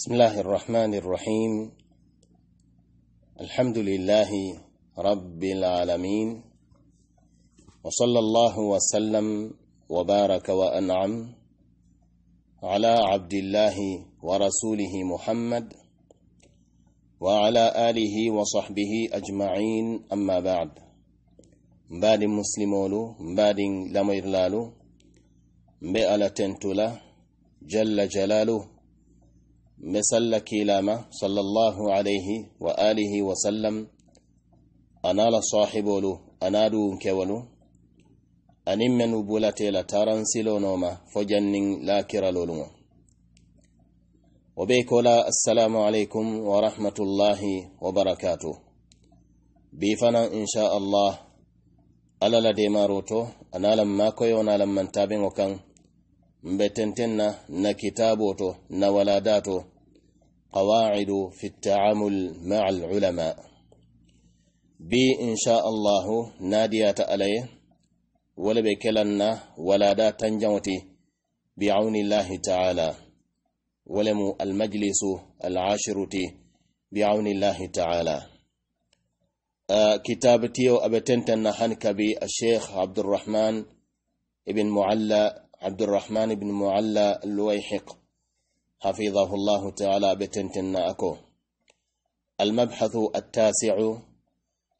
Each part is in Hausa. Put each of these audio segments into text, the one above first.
بسم الله الرحمن الرحيم الحمد لله رب العالمين وصلى الله وسلم وبارك وانعم على عبد الله ورسوله محمد وعلى اله وصحبه اجمعين اما بعد مباد مسلمولو مباد لميرلالو مبالة تنتلا جل جلاله misalla lama sallallahu alaihi wa alihi wa sallam anala sahibolu anadun kewalu animmenu bulate silo taran silonoma fojannin lakira wa bai kola assalamu alaikum wa rahmatullahi wa barakatuh bifana insha allah alala demaroto analam na analam mantabin wakan. mbe na kitabo na walada to qawaidu fi ltaamul maa alulama bi inchallahu nadiyata alaye wala ɓe kelanna walada tanjawti biaunillahi taala wala mu almajlisu alashiruti biaunillahi taala kitabatiyo aɓe tentenna han kabi alcheikh abdurrahman ibn mualla عبد الرحمن بن معلى اللويحق حفظه الله تعالى بتنتنا أكو المبحث التاسع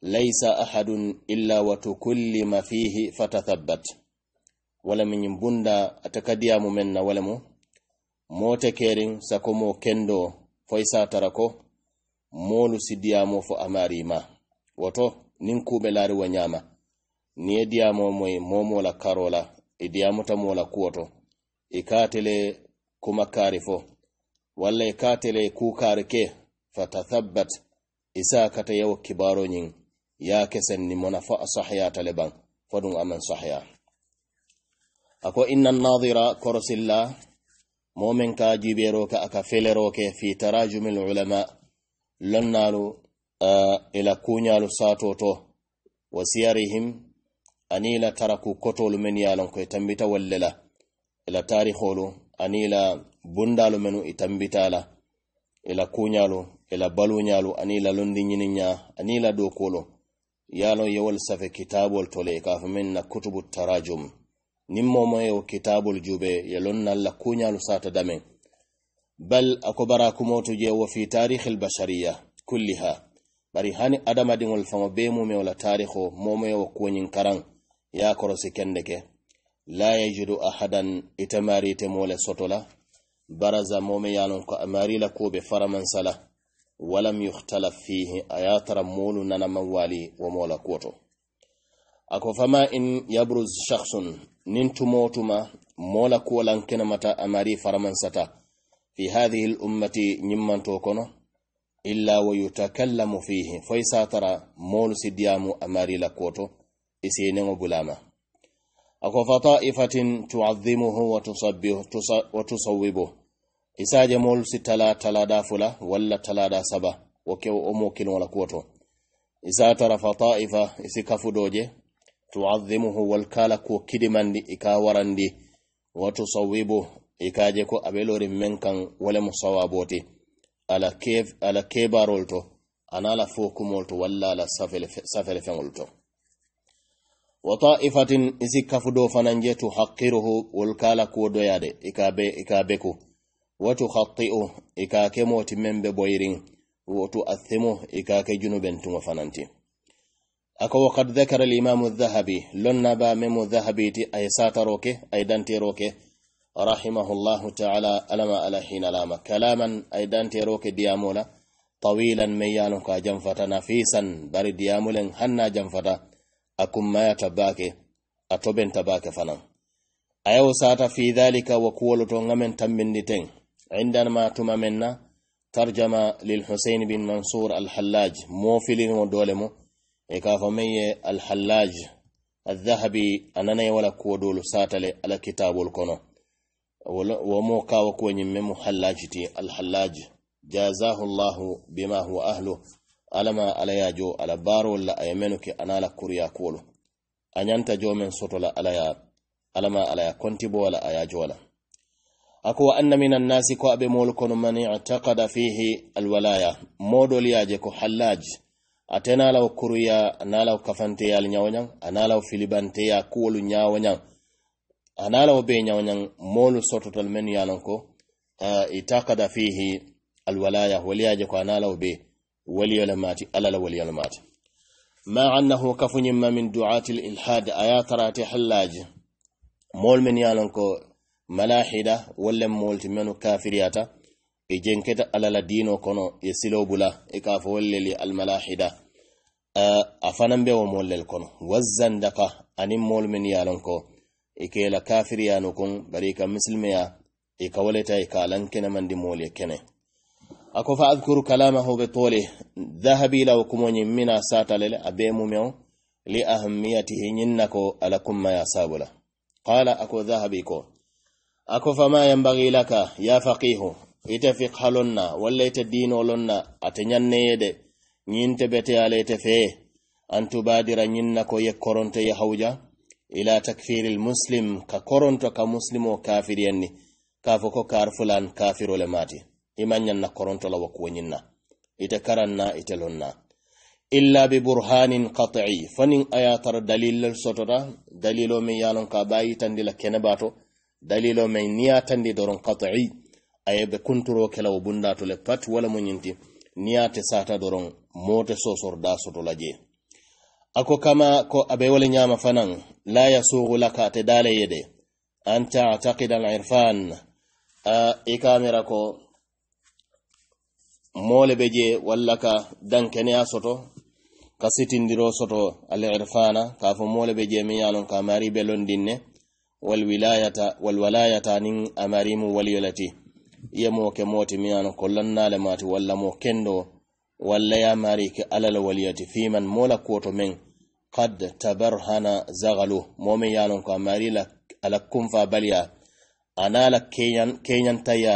ليس أحد إلا وتكلم فيه فتثبت ولم ينبند أتكديام ممن ولم موت كيرين سكمو كندو فيسا تركو مولو سديامو ما وتو ننكو بلاري ونياما نيديامو موي مومو لكارولا idiyamuta diyamuta moo la i ka kuma karifo wala walla ka tele fatathabbat isa kata yewo kibaro ñiŋ ya a kesen ni mona fa a taliban fadun baŋ sahiya a inna nadira korosilla momin ka jibero ka aka felero ke fi tarajumin ulama lannalu uh, eh, ila kunyalu satoto wasiyarihim anila la taraku kotolu men ya a lon ko tambita ila tariholu anila bundalu menu i la ila kuñalu ila baluñalu ani londi ñiniña ani dokolo yalo a safe kitabol tole ka fo kutubu tarajum nin momo ye wo jube ye lon nan la sata dame. bal akobara bara kumotu je wo fi tarihi albashariya kulliha bari hani adamadiŋol faŋo bee mumewo la tariho momo ye wo kuwoñin ya korosi kende ke la yajidu ahadan mari ta mole sotola baraza mome yalon ko amarila koɓe faramansala walam yuhtalaf fihi ayatara molu nanaman wali wa mola koto ako fama in yabruz shakhsun nin tumotuma mola kuwolan mata amari sata fi hadhihi l ummati ñimmanto kono illa wa yutakallamu fihi foy tara molu sidiyamu amari la koto isinin gulama ako fataifatin tuadhimuhu wa isa je mol si tala talada fula walla da saba wo kew omo wala kuwato isa tara fataifa isi doje tuadhimuhu wal kala ko kidimandi ika warandi wa tusawibu ikaje ko abelori lorin men kan wole mu sawaboti ala kebarolto ana ala walla ala safele wa ta'ifatin isi kafudo fananje tuhaqiruhu wolkala kuwodoyade ikabe ikabe ko wa tukhati'u ikake moti membe boyirin wa tu'athimu ikake junuben tuma fananti ako wa dhakara dhahabi lonna ba memu dhahabi ti ay sataroke ay danteroke rahimahullahu ta'ala alama ala hina lama kalaman ay danteroke diamola tawilan ميانو كا جنفتا nafisan bari ديامولن هنا جنفتا a kun ta bake a tobin ta bake a yau sa ta fi zalika wa kuwa luton gamin tambin inda ma tuma minna tarjama lil hussein bin mansur alhallaj mo filin mo dole mo e ka fa a alhallaj a nanayi wala kuwa dole satale ala kitabul kono wa mo kawo wa ko nyimmu hallaji ti alhallaj allah bima hu ahlu alama ala ya jo ala baro la ayamenu ke anala kuriya kolo anyanta jo men soto la ala ya alama ala ya konti bo wala aya jo la ako wa anna minan nasi ko abe mol kono mani i'taqada fihi alwalaya modol yaje ko hallaj atena law kuriya anala kafante yal nyawnyan anala filibante ya kolo nyawnyan anala be nyawnyan mol soto tal men yalon ko uh, itaqada fihi alwalaya waliyaje ko anala be waliyalmati alal waliyalmati ma annahu kafunyin ma min du'atil ilhad ayatarati hallaj mol men yalon ko malahida wala mol timenu kafiriyata e jenketa alal dino kono e silobula e kafo walli al malahida a fanan be wo molel kono wazzandaka ani mol men yalon ko e kela kafiriyano kon bari ka muslimiya e kawleta e kalankena mandi mole kenen ako fa adhkuru kalamahu bi tuli dhahabi law kumonyi mina sata lele abe mumeo li ahamiyatihi nyinnako ala kumma ya sabula qala ako dhahabi ko ako fa ma yanbaghi laka ya faqihu ite fiqhalonna walla ite dinolonna ate ñanneyede nyinte bete ale ite feye an tubadira ye koronto ye hawja ila takfiri muslim ka koronto ka muslimo kafiriyanni yanni ko kar fulan kafirole mati ima koronto korontola wa wanyina ite karanna ite lonna illa bi burhanin qat'i fanin ayatar dalilal sotota dalilo min yalon ka bayi tandila kene bato dalilo min niya tandi doron qat'i aye be kunturo kela wo bundato le pat wala muñinti niya te sata doron mote sosor da soto laje ako kama ko abe wala nyama fanan la yasugu laka te dale yede an al-irfan a ikamira ko moole be je walla ka dankeneya soto ka sitindiro soto al irfana ka fo moole be je min ye ka mari be londin ne walwilayata walwalayata nin amarimu waliyolati ye mo ke moti min ye lon ko mati walla mo kendo walla ya mari ke alal waliyati fiman mola koto men qad tabarhana zagalu mo min ye ka mari la ala kunfa baliya ana la kenyan, kenyan taya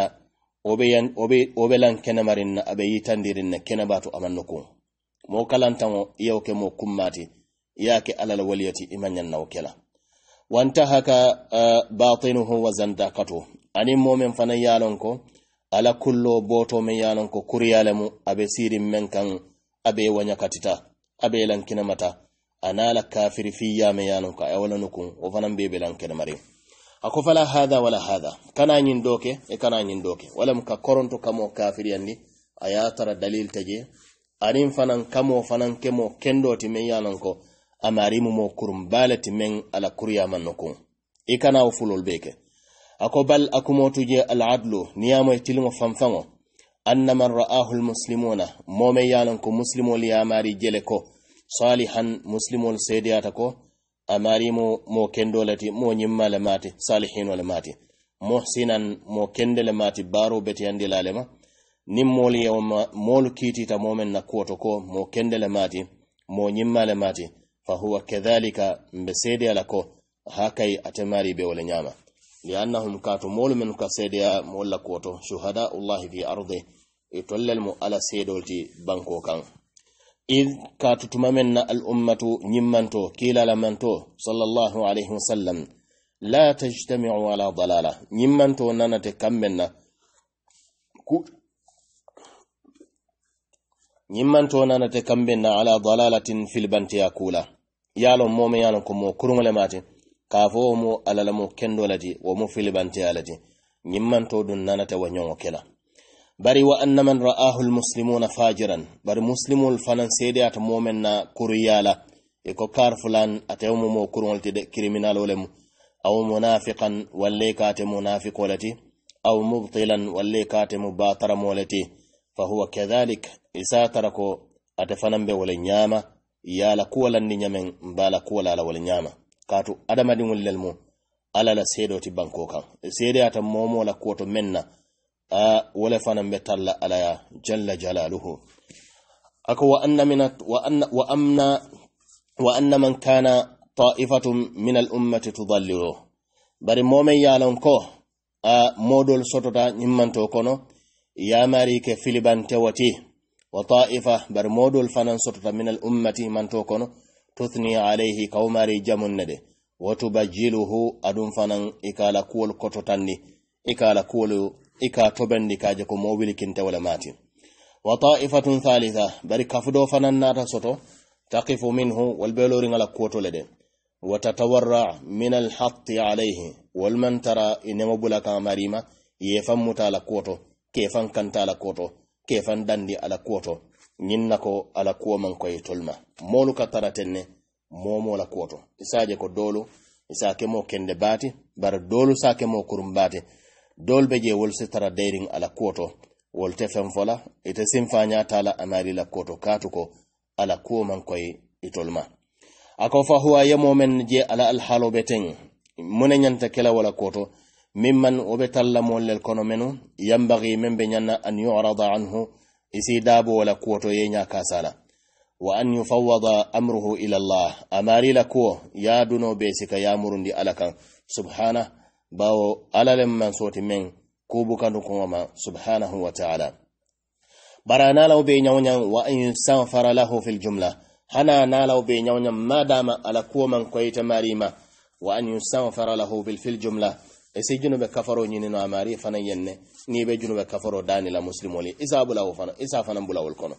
obeyan obe obelan kenamarin na abe yitandirin na kenabatu amannoko mo yauke iyawke mo kummati ke alal waliyati imanyan nawkela wanta uh, batinuhu wa ani mo min fana yalonko ala kullo boto men yalonko kuryalemu abe sirin men kan abe katita abe lan kinamata anala kafiri fiya men yalon ya ayawlanukun o fanan bebe lan kenamarin ako fala hadha wala hada kana nyin doke e kana nyin doke walam ka koronto kamo kafiriyandi aya tara dalil taje anin fanan kamo fanan kemo kendo ti men yanan ko amarimu mo kurum balati men ala kurya manokun e kana fulol beke ako bal akumotu je al adlu niyamo e tilmo fanfango anna man ra'ahu al muslimuna momen yanan ko muslimol ya mari jele ko salihan muslimol sediyata ko amarimo mo kendolati mo ñimmale mati salihinole mati muhsinan mo kendele mati baro betiyanndilale ma nin moolu yewo moolu kiitita momen na koto ko mo kendele mati mo ñimmale mati fa huwa kadhalika mbe ala ko hakay atamari mari be wole ñama liannahum katu moolu men ka seedeya moolu la kuwoto shuhadaullahi fi arde e tollel mo ala seedol banko kan إذ كاتتما من الأمة نمانتو كيلا لمانتو صلى الله عليه وسلم لا تجتمع على ضلالة نمانتو نانت كمنا ñimmanto nanate kamɓe na ala dalalatin filbantiya kula yalon momi yalon ko mo kurŋole mati ka fo wo mo alala mo kendolati wo mo filibantiya lati ñimmanto nanate wa ñoŋo kela bari wa annaman muslimu na fajiran bari muslimul fanan dai ata momen na kuriyala e ko kar fulan atewmo mo kurolti de wale mu aw munafiqan walle kate munafiqolati aw mubtilan walle kate ti fa huwa kadhalik tara ko ta fanan be wole ñama yala kuwalanni mbala kuwalala wale ñama katu adamadin wale mu ala la seedoti banko kan ta ata la kuwoto men na a wala fanan be talla jalla jalaluhu ako wa man kana ta'ifatun min al-ummati tudallilu bari momen yalon ko a modol sotota nyimmanto kono mari ke filibante wati wa ta'ifa bari modol fanan sotota min al-ummati manto kono tuthni alayhi kawmari jamun nade wa tubajjiluhu adun fanan ikala kuwol kototanni ikala kuwol ika di ka jeko ko mobili kinte wala mati wa ta'ifatun thalitha bari kafudo fanan nata soto taqifu minhu wal belori ngala kuoto lede wa tatawarra min al hatti alayhi wal man tara inama bulaka marima yefan muta ala kefan kanta ala kuoto kefan dandi ala kuoto ñinna ko ala ko man koye tolma moolu ka tara tenne momo la kuoto isaje ko dolu isa kemo kende bati bara dolu sake kemo kurum bati dolbe je wol sitara dering ala koto wol te fen fola ite tala amari la koto katuko ala kuwo man koy itolma ako fa huwa yemo men je ala al halo beteng mune nyanta kela wala koto mimman obetalla be kono menu yambagi membe nyanna an yurada anhu isi daabo wala koto ye nya kasala wa an yufawwada amruhu ila allah amari la kuwo yaduno be sika yamurundi ala kan subhana. bawo alalen man soti men ko bukanu kuma subhanahu wa ta'ala barana law be nyawnya wa in sanfara lahu fil jumla hana na law be nyawnya madama ala ko man koyta marima wa an fara lahu bil fil jumla ese junube kafaro nyini no amari fana yenne ni be junube kafaro dani la muslimoli isa bula fana isa fana bula wol kono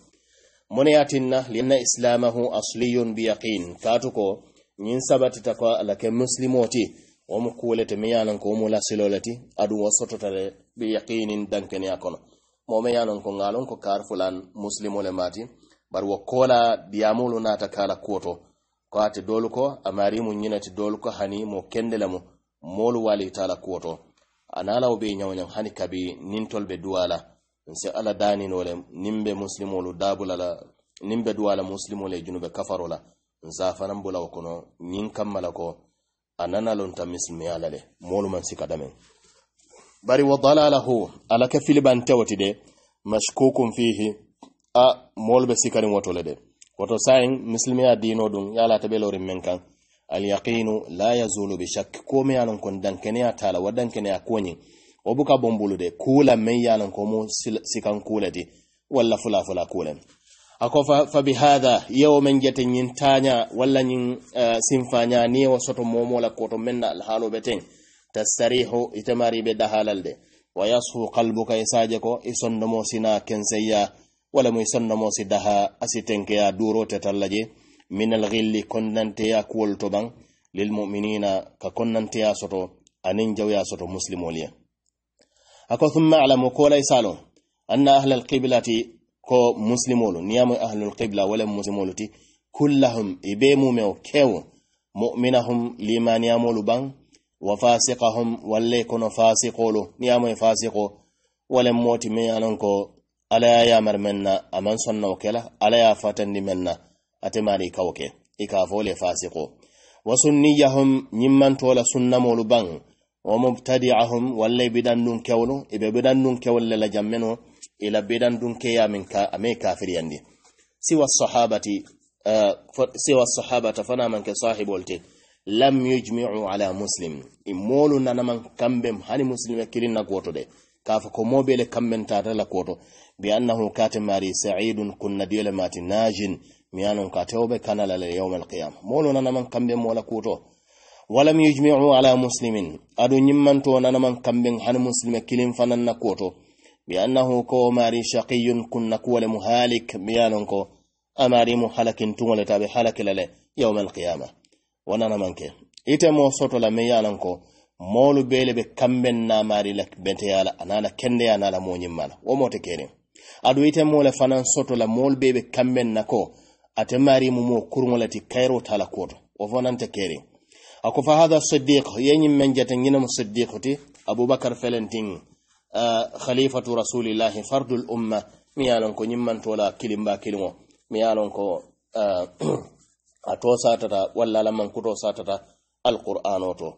mun yatinna lianna islamahu asliyun bi yaqin katuko nyin sabati takwa alake muslimoti wo mu kuwolete miŋ ye a loŋ ko wo mu la siloo le ti aduŋ wo sotota le be yakinin dankeneya kono moo meŋ ko ŋa loŋ ko kar fulan musilimo le maati bari wo koola diyaamolu naata ka a la kuwo ko ate doolu ko a maarimu ñina ti doolu ko hani mo kende le mu moolu waalita a la kuwo to wo be ñawñaŋ hani kabi nintol be duwa la nsi ala daanino le niŋ be musilimolu daabula la niŋ be duwa la junube kafarola la nsa fanaŋ bula wo kono ñiŋ kamma ko a nana lonta misilimaya la le moolu man ka dame. bari wa dalalahu ala ka filibante woti de mashkukun fihi a moolu be sikarin woto le de woto sayin misilimaya diino dun ye a lata be lorin men kan alyaqinu la yazulu bi shakki ko a lon kon dankeneya taala wa dankeneya koñin wo buka bonbulu de kuula meŋ ye a lon ko mu sikan kuula ti walla fula fula ako fa bi hada yawman jatin yin tanya wallanin uh, eh, sinfanya ne wa soto momo la koto menna al halu beten tasarihu itamari be de wa yasu qalbuka isaje ko isondo mo sina kenseya wala mo isondo mo sidaha daha asitenke ya duro tatallaje min al ghilli konnante ya kuwol to bang lil mu'minina ka konnante ya soto anin jawya soto muslimoliya ako thumma alamu ko lay salo anna ahlal qiblati ko muslimolu niyama ahlul qibla wala muslimolu ti kullahum ibe mumeo kewo mu'minahum limaniyamolu ban wa fasiqahum walle kono fasiqolu niyama e fasiqo wala moti me anon ko ala ya yamar menna aman sonna okela ala ya fatandi menna ate mari kawke ika fole fasiqo wa sunniyahum nyimman tola sunnamolu ban wa mubtadi'ahum walle bidannun kewlu ibe bidannun kewle la jammeno ila bedan dunkeya min ka ame kafir yandi siwa sahabati uh, siwa sahabata fana man ke sahibolte lam yujmi'u ala muslim imolu nanaman kambem hani muslime kilin na goto de kafa ko mobele kamben tata la koto bi annahu mari sa'idun kunna diyala mati najin miyanon ka tawbe kana la yawm alqiyam molo nana man kambe mola koto walam yujmi'u ala muslimin adu nyimman to nana man kamben han muslima kilin fanan na koto بأنه كو ماري شقي كن كول مهالك ميانكو أماري محلك تون لتابي حلك للي يوم القيامة ونانا منك إتمو سوتو لميانكو moolu beele be kamben namari la benteyala anala kendeya anala moñimmala womote kerin aɗu ite mole fanan soto la moolu be be kamben na ko ate mari mumo kurŋola ti kayro tala koto wo fonante kerin ako fa hada siddik yeñim ti abubakar felentin Uh, khalifatu rasulillahi fardul umma miyalon ko nyimmantola kilimba kilimo miyalon ko uh, atosa tata walla laman kuto satata alqur'ano to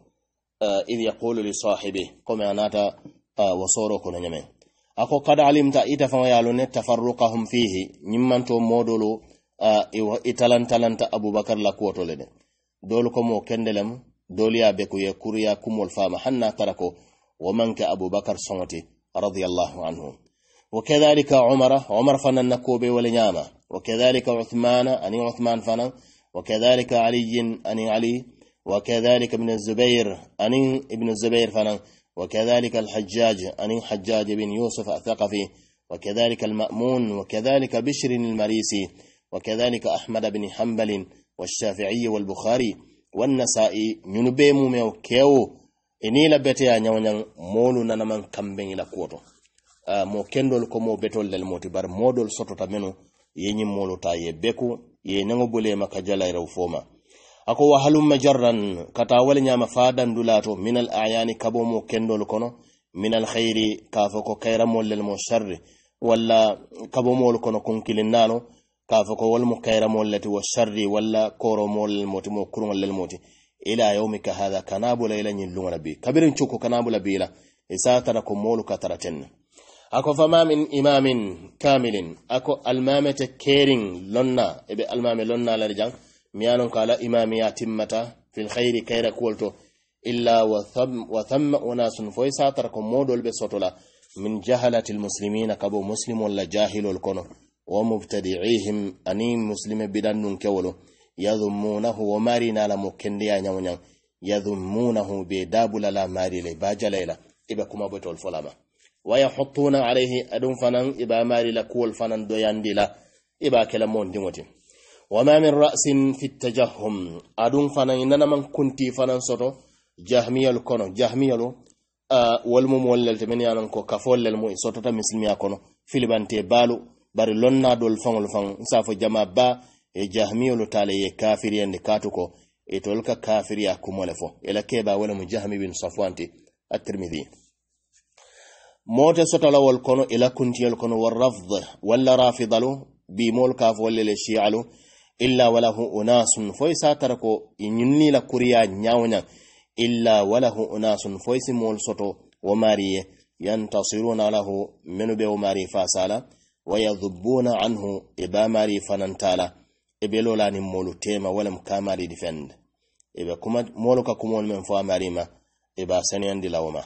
uh, idh yaqulu li sahibi kuma anata wasoro kono nyame ako kad alimta ita fa yalo ne tafarruqahum fihi nyimmanto modolo italan talanta abubakar la kuwoto le dol ko mo kendelam dol be ko ye kuriya kumol fama hanna tarako ومنك أبو بكر صمتي رضي الله عنه وكذلك عمر عمر فنن النكوب والنيامة وكذلك عثمان أني عثمان فنن وكذلك علي أني علي وكذلك ابن الزبير أني ابن الزبير فنن وكذلك الحجاج أني حجاج بن يوسف الثقفي وكذلك المأمون وكذلك بشر المريسي وكذلك أحمد بن حنبل والشافعي والبخاري والنسائي ينبيمو ميو كيو ini la bete ya nyawanyan molu na naman kamben ila kuoto uh, mo kendol ko mo betol lel moti bar modol soto ta meno yenyi molu ta ye beku ye nango bole maka jala ira foma, ako wa halum majarran kata wal nyama fadan dulato min al ayani kabo mo kendol kono min al khairi kafo ko kayra mol lel mo sharri walla kabo mol kono kun kilin nano kafo ko wal mo kayra mol lati wo sharri walla koro mol moti mo kurun lel moti ila yawmika hadha kanabu ila nyin lungana be kabirin chuko kanabula bila isatara kumolu kataratenna ako fama min imamin kamilin ako almamete kering lonna ebe almame lonna la jang miyanon kala imami ya timmata fil khairi kaira kuwalto illa wa thamma unasun foy satar ko modol be sotola min jahalati almuslimina kabo muslimun la jahilul kono wa mubtadi'ihim ani muslime bidannun kewolo yadhumunahu wo mari nala mo kendeya ñamoñang yadhumunahu be dabulala marile ba jalayla kuma botol folama wa yahutuna alayhi adun fanan iɓa marila kuwol fanan doyandila iɓa kela wa ma min rasin fi tajahum adun fanan nanaman kunti fanan soto jahmiyal kono jahmiyalu wal wollel temin yanan ko lel mu sotota misilimiya kono filibante balu bari dol fangol fang safo jama ba e jahmiyolu taala ye kafiriyandi kaatu ko itol e ka kafiriya kumo le fo ila e keba wala mu jahmi bin safwan ti at-tirmidhi mote sotala wol kono ila e kuntiyol kono war rafd walla rafidalu bi mol ka fo lele shi'alu illa walahu unasun foy tar ko inni la kuriya nyawnya illa walahu unasun foy si mol soto wa mari yantasiruna lahu minu be wa mari fasala wa anhu iba mari fanantala ebe lola ni moolu tema wala mu kamari defend e be kuma moolu ka kumol men fo amarima e ba saniyandi lawma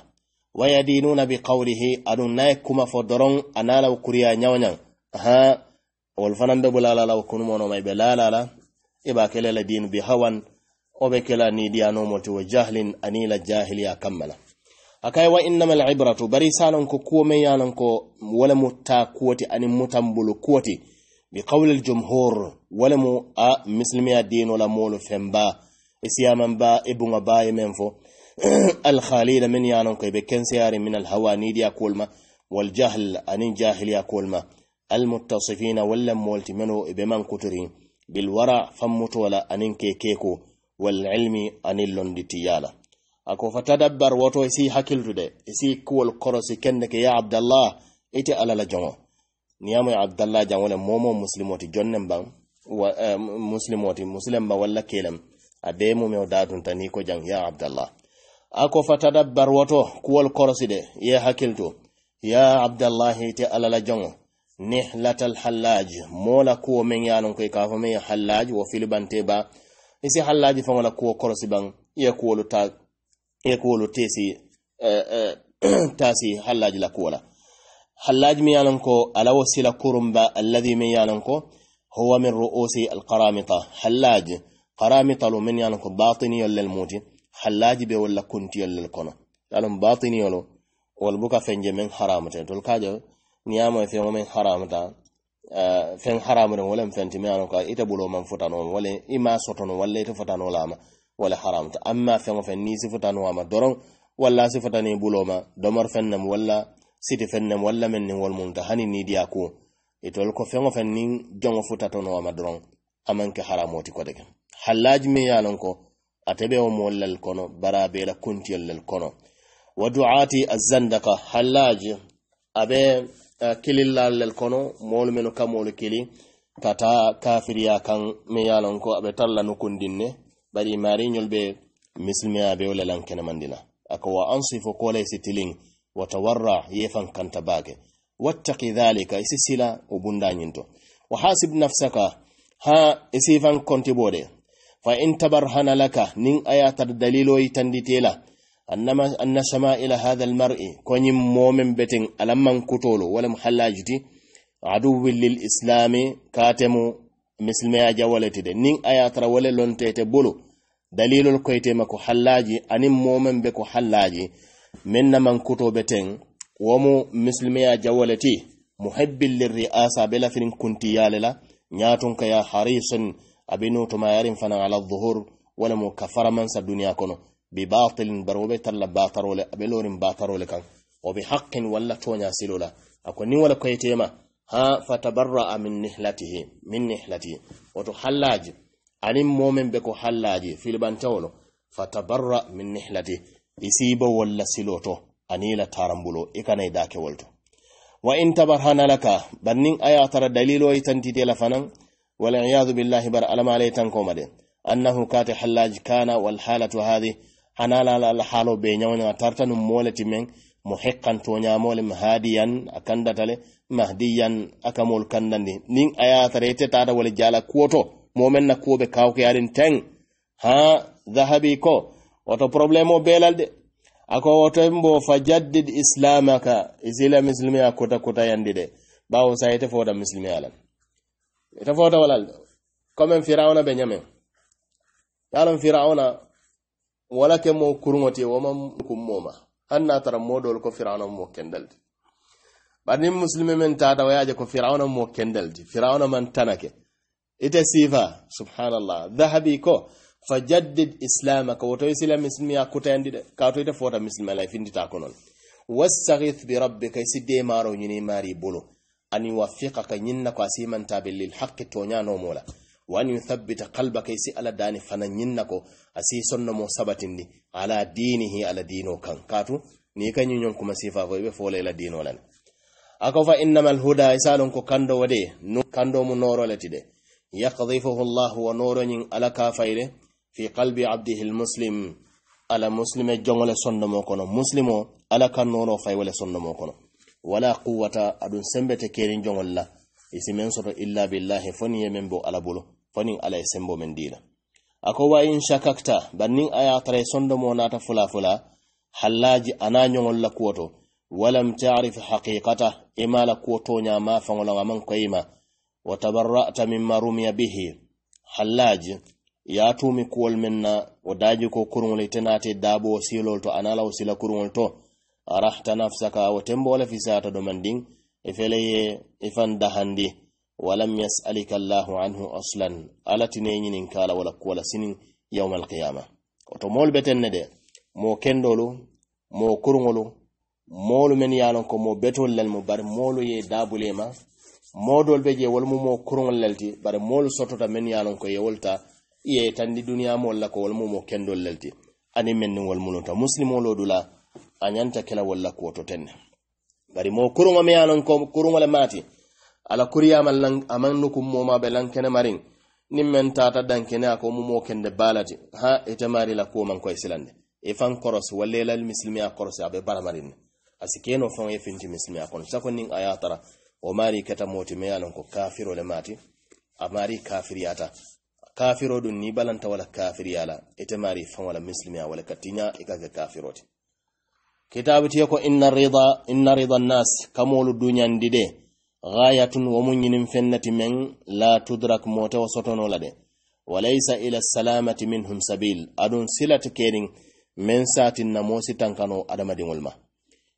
bi biqawlihi adun naye kuma fo doron analaw kuriya ñawñan aha wol fanan be bulala law kunumonoma e ɓe lalala e ba kelela dinu bi hawan obe kela ni nidiyanomol ti wo jahlin anila jahili akamala akai wa innama ibratu bari Salon ko ko me yanan ko wala mutta kuwati ani mutambulu kuwati. bi qawli jumhur walemu a misilimiya deno la molu fenba isiyamanba i bunga ba ye men fo alkhalila min yanon ko be kenseyari min alhawa nidiya kolma waljahl anin jahiliya kolma almuttasifina wallan molti meno ibe man kuturi bilwara fammuto wala anin kekeko walilmi anin londitiyala ako fatadabbar woto isi hakkiltude isi kuwol korosi kende ke ya abdallah ite alala jongo niyamo ya abdallah jangole momo muslimoti jonnen bang Eh, muslimoti muslim ba walla kelam a be mumeo datunta ni ko jang ya abdallah ako fatadabbar woto kuwol koroside ye hakkilto ya abdallah te alala ni nihlatal hallaj mola kuwo men yanon koy kafo men hallaj wo filibante ba isi fa mola kuwo korosi ban ye kuwolu ta ye kuwolu tesi eh, eh, tasi hallaj la kuwola hallaj mi yanon ko alawo sila kurumba alladhi mi yanon ko هو من رؤوس القرامطة حلاج قرامطة لو من يعني باطني يلا الموتي حلاج بي ولا كنت يلا الكنا يعني باطني يلا والبكا فنج من حرامته تول كاجو نيامو في من حرامته fen haramuɗen wala mi fenti miyano ko ita ɓulo man futanomi wala ima sotono walla ita futanolama wala haramta amma fego fen ni sifutanowama doron walla sifatani ɓuloma domar fennam walla siti fennam walla men ni wolmunta hani ni diya itol ko feŋo feŋ niŋ joŋo futata ma doroŋ amaŋ ke haramoti ko ke hallaji me ye lon ko ate be wo moolu lel kono bara a be la kuntiyol lel kono wa duati azandaka hallaji abe kilillal lel kono moolu menu ka moolu kili ka taa kafiriya kaŋ me ye ko abe talla nukundin ne bari mariñol be misilimeya be wo le lan kenemandi la wa ansifu ko lay sitilin wa tawarra yefan kanta baake wattaki dhalika isi sila o bundañinto wa hasib nafsaka ha isi fan konti bode fa in tabarhana laka nin aya dalilo daliloyi tanditela annama anna ila hadha almar'i koñin momen beten alamman kutolo wala hallajuti aduwwin lil islami katemu misilmeya jawalati de nin aya tara lontete bolo dalilul koytema ko hallaji anin momen be ko hallaji menna man kuto beten womo misilimeya jawalati muhibbin lirriasa bela firin kunti yalela ñaton kaya harisun abinu tumayarin fana ala dhuhur wala mu kafaramansa duniya kono bi batilin bar wo be talla batarole abe lorin batarole kan wo bi haqqin walla tonya silola ako ni wala koyetema ha fatabarra'a min nihlatihi min nihlatihi woto hallaji anin momen be ko hallaji filbantawolo fatabarra min nihlati isibo walla siloto anila tarambulo ikanai dake wolto wa in tabarhana laka bannin a dalilo itanti dela fanan waliyadu billahi bar alama ala tan komade annahu kata halaj kana halatu hadi hanala al haalo be nyawna tartanu molati men mo hekkantoñamole m haadiyan a kandatale mahdiyan akamul kandandi nin a yatara ite tada wal jala kuoto momen na kuobe kawke yarin ten ha dahabi ko oto problemo belalde ako woto mbo fa jaddid islamaka isila muslimi a kota kota yandi de bawo sa ite foda muslimi ala ite foda walal comme en firawna be nyame talon firawna wala ke mo kurmoti wo mam kummoma anna tara modol ko firawna mo kendal bani muslimi men tata wayaje ko firawna mo kendal firawna man tanake ite sifa subhanallah dhahabi ko fajaddid islamaka woto isila misilimiya kutayandida ita fota misilima la findita konon wastagith birabbika isi demaro ñini mari bolo an yuwaffiqaka ñinna ko asimantaɓe lilhaqqi toñanomola wa an yuthabbita qalbaka isi ala dani fana ñinna ko asi sonnomo sabatindi ala dinihi ala dino kan katu ni kañu ñon kuma sifa ko ɓe fola ila dinolan ako fa innama alhuda isalon ko kando wade nu kando mu noroleti de yakdifuhu llahu wa noroñin ala kafayde fi qalbi abdihi almuslim ala muslime jongole mo kono muslimo ala kan nono wala sonno mo kono wala quwwata adun sembete kerin jongol la isi soto illa billahi foni yemen bo ala bulo foni ala sembo men dina ako wa in shakakta banin aya sonno mo nata fula fula hallaji ana jongol la kuwoto walam tarif haqiqata imala nya ma faŋolaŋa man koyima wa tabarra'ta mimma rumiya bihi hallaji yatumi kuwol men na o daji ko kurgol ite e naate daabo o siilol to anala o sila kurgol to arahta nafsaka wo tembola fisata doman ɗin e feleye ifan e dahandi walam yasalika llahu anhu aslan alatineyinin kala wala kuwola sinin yaumal qiyama oto mol betenne de mo kendolu mo kurgolu molu men yalon ko mo betol lel mo bare molu ye dabulema modol be je wolmumo kurgol lelti bare molu sotota men yalon ko yewolta ye tandi duniya mol la ko wal mumo kendol lelti ani men wal munota muslimo lo dula anyanta kala walla ko to tenne bari mo kurunga me alon ko kurunga le mati ala kuriya man aman nukum mo ma belan kene marin nin men tata ko ako mumo kende balati ha ite mari la ko man ko islande e fan koros walle lal muslimi a koros abe bara marin asikeno fon e finti muslimi a kon sako nin ayatara o mari kata moti me alon ko kafiro le mati amari kafiriyata kafiro dun ni balanta wala kafir yala ita mari fan wala misilimiya wala katinya i ga kafiro kafiroti kitabu ti ko inna rida inna rida nas kamolu duñandi de ghayatun wa ñinin fennati men la tudrak mota wo sotonola de walaysa ila salamati minhum sabil adun silati kering men satin na namo kano adamadiŋol ma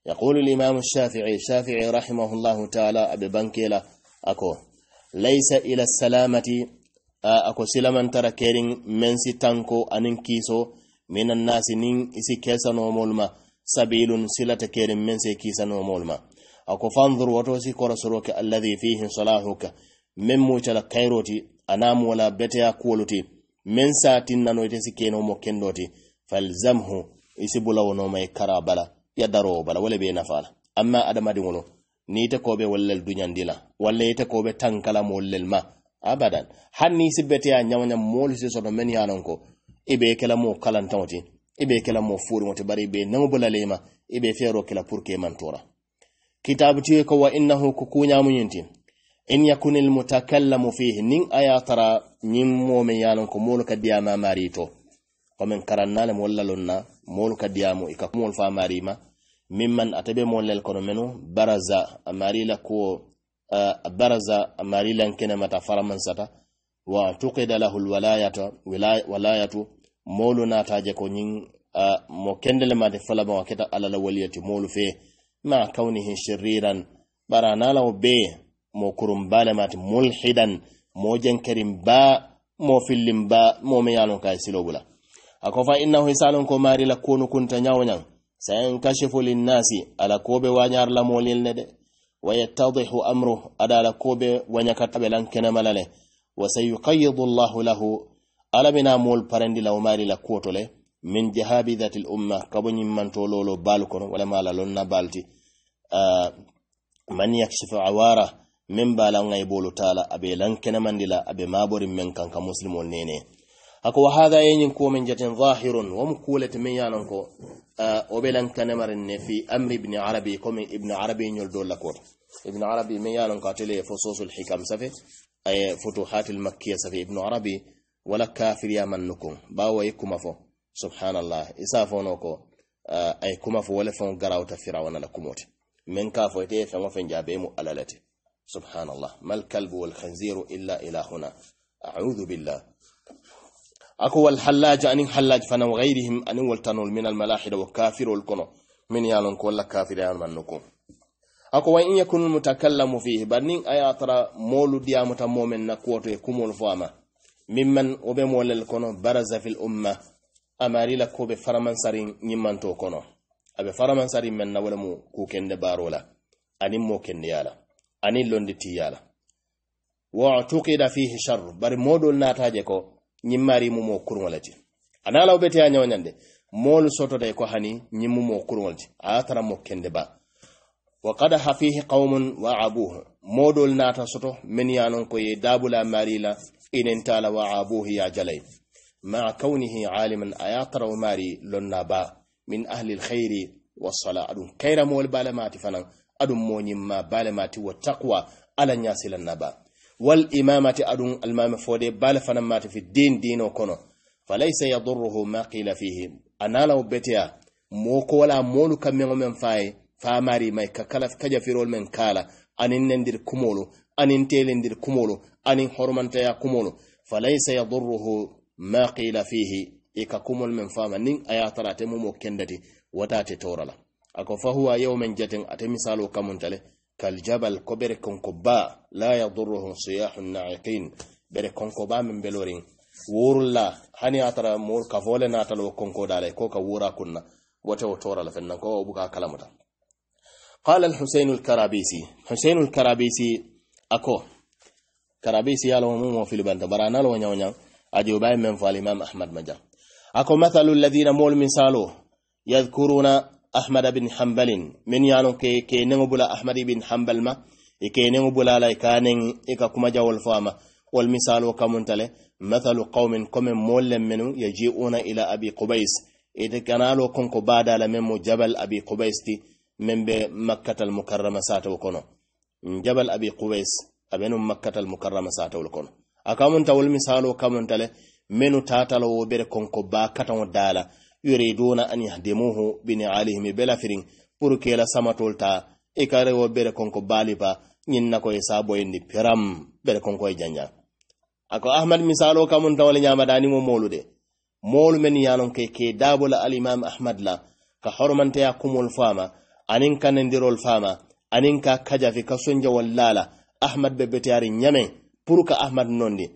yaqulu ash shafii shafii rahimahullahu taala abi bankela ako laysa ila salamati a ako tara kerin men si tanko anin kiso minan nasi nin isi kesanomol ma sabilun silata kerin men kisa kiisanomol ma ako fanzur wato si korosoroke alladhi fihi salahuka men mucala kairoti anamu wala beteya kuwoluti men nano ite si mo kendoti falzamhu isi wano mai kara bala ya daro bala wala be nafala amma adamadiŋolo ni ite kobe wollel dunyandila la ita kobe tankala mollel ma abadan hanni sibbeti ya nyawanya moli se sodo men yanon ko ibe kala mo kalan tawti ibe kala mo furi moti bari be nam bula lema ibe fero kala purke man tora kitabu ti ko wa innahu kukunya munyinti in yakun al mutakallamu fihi nin ayatara nin mo men yanon ko mol ka diama marito ko men karanna le molla lonna mol ka diamo ikak mol fa marima mimman atabe mol lel kono menu baraza amari la ko baraza marilan kene mata faraman sata wa tuqida lahu alwalayata walayatu molu na taje ko nyin mo kendele mate fala ba waketa alala waliyati molu fe ma kaunihi shirriran barana law be mo kurum balamat mulhidan mo jenkerim ba mo fillim ba mo me yalon kay silobula akofa innahu isalon ko mari la kunu kunta nyawnyan sayan kashifu linnasi ala kobe wanyar la molil ne de ويتضح أمره أدال كوب ونكتب لن كنملل وسيقيض الله له ألمنا مول برند لو ماري لكوتل من جهاب ذات الأمة كبني من تولولو بالكون ولا مالا لنا بالتي آه من يكشف عواره من بالا غيبولو تالا أبي لن كنمندلا أبي مابور من كان كمسلم نيني ako wa hadha yanyin ko min jatin zahirun wa mukulat min yanan ko o belan kanamarin ne fi amri ibn arabi ko min ibn arabi nyol do la ko ibn arabi min yanan ko tele fususul hikam safe ay futuhatul makkiyya safe ibn arabi wala kafir ya mannukum wa yakuma fo subhanallah isa fo no ko ay kuma fo wala fon garawta firawna la kumote min ka fo te fe mo fen jabe mu alalati subhanallah mal kalbu wal khanziru illa ilahuna a'udhu billah ako walhallaji anin hallaj fana wa gayrihim anin waltanol min almalahida wa kafirol kono min yalon ko walla kafirayan manno ko ako wa in yakunu mutakallamu fihi bari nin aya tara moolu momen na kuwoto e kumol fo mimman obe be kono baraza fil umma amari la ko be faramansarin ñimmanto kono aɓe faramansarin men na wala mu kukende barola anin mo yala anin londi yala. wa utukida fihi sharru bari modol nataje ko ñimmari mu mo kurwalati ana law beti ya ñawñande soto day ko hani ñim mumo kurŋol ti a tara mo kende ba wa qad hafihi qaumun wa abuhu modol nata soto men yanon ko ye dabula mari la inen tala wa abuhu ya jalay ma kawnihi aliman aya wa mari lonna ba min ahli lhayri wasala aɗum mol balamati fanan aɗum nyimma balemati wa taqwa ala na ba wal imamati adun almami fode bala fananmata fi din dino kono falaysa yadurruhu ma qila fihi analawo betia moo ko wala molu kamengo men faye famari may ka kala firol men kala anin nendir kumolo anin telendir kumolu anin ya kumolo falaysa yadurruhu ma qila fihi i e kumol men fama nin a ye tara kendati wata ate torala ako huwa a jatin ate misalo kamuntale كالجبل كبر كنكبا لا يضرهم صياح الناعقين بر كنكبا من بلورين وورلا هني أترى مور كفول ناتلو كنكو دالي كوكا وورا كنا وتوتورا لفنن كو بكا كلامتا قال الحسين الكرابيسي حسين الكرابيسي أكو كرابيسي يالو مو في البنت برانا لو نيو نيو أجيو باي من فالإمام أحمد مجا أكو مثل الذين مول من سالو يذكرون ahmada bin hambalin min yano ke ke nengo bula ahmadi bin hambal ma e ke nengo bula la ka nen e ka kuma jawol fama wal misalu kamuntale mathalu qaumin kome mollem menu yaji'una ila abi qubais e de kanalo kon ko bada la memo jabal abi qubais ti membe be makkatal mukarrama satawo kono jabal abi qubais abenum makkatal mukarrama satawol kono akamunta wol misalo kamuntale menu tatalo wo bere ko ba katawo dala yuriduna an yahdimuhu binialihim bela firin purke la samatol ta e ka rewo bere konko baaliba ñin sa koye saboyindi piram bere konko e ako ahmad misalo kamun tawale mo molude mol men yanon ke ke al alimam ahmad la ka ya kumol fama anin ka ndirol fama anin ka kajafi ka sonjawol laala ahmad be beteyari nyame purka ahmad nondi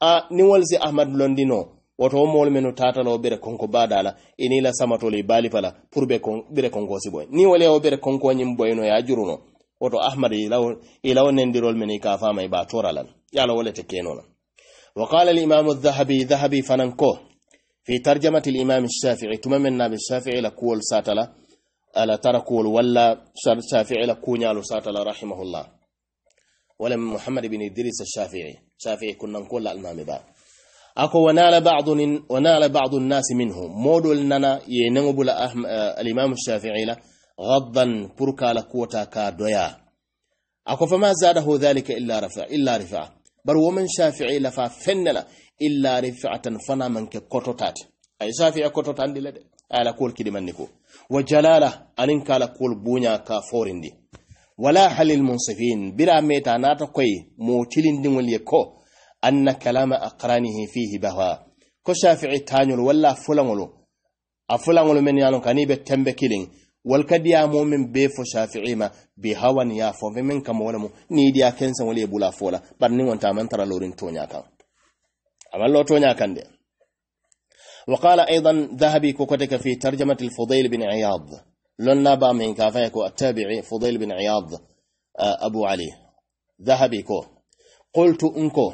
a ni si ahmad londi no woto wo moolu menu tatala wo bere konko baada la ini la samatolu i baalifa la pour be kon, bere konko si boy ni wole wo bere konko ñiŋ boyino ye a juruno woto ahmad ilawo ilawo nendirol meni ka fama i ba tora lan yala wole te keno la وقال الإمام الذهبي ذهبي فننكو في ترجمة الإمام الشافعي تممنا بالشافعي لكول ساتلا ألا تركول ولا شافعي لكون يالو ساتلا رحمه الله ولم محمد بن إدريس الشافعي شافعي كنا la الألمام بعد ako wanala ba'dun wanala ba'dun nas minhu modol nana ye nango bula eh, al imam shafi'i la ghaddan purka la kota ka doya ako fama zadahu dhalika illa rafa illa rifa bar woman shafi'i la fa fennala illa rifatan fana man ke kototat ay shafi'i kototan dile de ala kol kidimanni wa jalala anin kala kol bunya ka forindi wala halil munsifin bira meta nata koy mo tilindingol ye ko أن كلام أقرانه فيه بهوى كشافعي تانيول ولا فلانولو أفلانولو من يالون كاني بتنبه كيلين والكدي يا مؤمن بيفو شافعي ما بهوى يا فو من كم نيديا نيدي كنسا ولي بولا فولا برني وانتا من ترى لورين تونيا كان أما لو تونيا كان دي وقال أيضا ذهبي كوكتك في ترجمة الفضيل بن عياض لن نبا من كافيك التابعي فضيل بن عياض آه، أبو علي ذهبي كو قلت انكو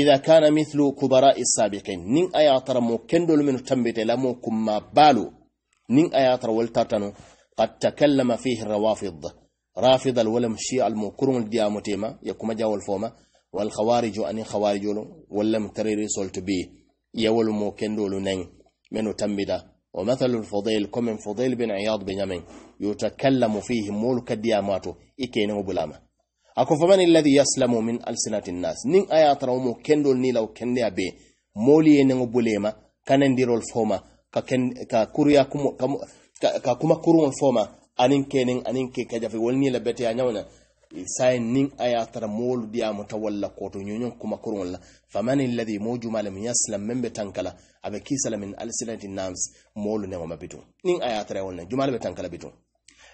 إذا كان مثل كبراء السابقين نين أياتر مو كندول من تنبت لمو كما بالو نين أياتر والتاتنو قد تكلم فيه الروافض رافض الولم المو المكرون الديامتيما يكما جاو الفوما والخوارج أني خوارج ولم تريري سولت بي يول مو كندول نين من تنبت ومثل الفضيل كم فضيل بن عياض بن يمين يتكلم فيه مولك الدياماتو إكينو بلاما ako famani alladhi yaslamu min alsinati nas nin aya taraw mo kendol ni la kende abe be moolu ye neŋo bulema dirol foma ka, ken, ka, kuriya kumo, ka, ka, kuma kuruŋol foma anin keniŋ anin ke ka jafe wolni la beteya ñawo sai nin aya a ye diya mo tawalla ko koto ñoñoŋ kuma kuruŋol la famani alladhi mo juma lam yaslam min betankala tankala kisala min alsinati nas molu neŋo ma bituŋ niŋ a tara wol na juma la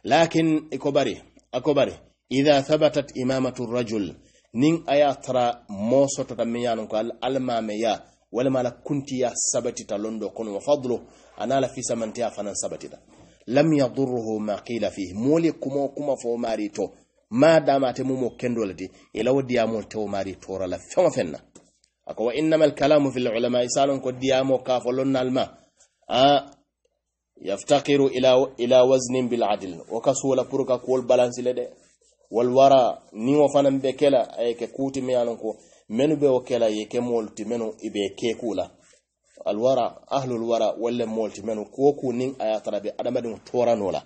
lakin ikobari akobari, ko bari idha thabatat imamatu rajul nin aya tara mo sotota min yanon ko almameya walma ala kuntiya sabatita londo kono wa fadlu ana ala fisamanteya fanan sabatita lam yadurruhu ma qila fihi muli kuma kuma fo mari to ma damate mumo kendolati ila wo diyamol tewo mari torala feŋo feŋ na ako wa innama alkalamu fi lulamai salon ko diyamo kafo lonnal ma a yaftakiru ila, ila waznin biladil wo ka suwola pour ka kuwol balansile de walwara ni wo fanan be kela aye ke kuti me yalan ko menu be o kela ye ke molti menu ibe keku la alwara ahlulwara wara walla molti menu ko ku nin aya tara be adamadin toranola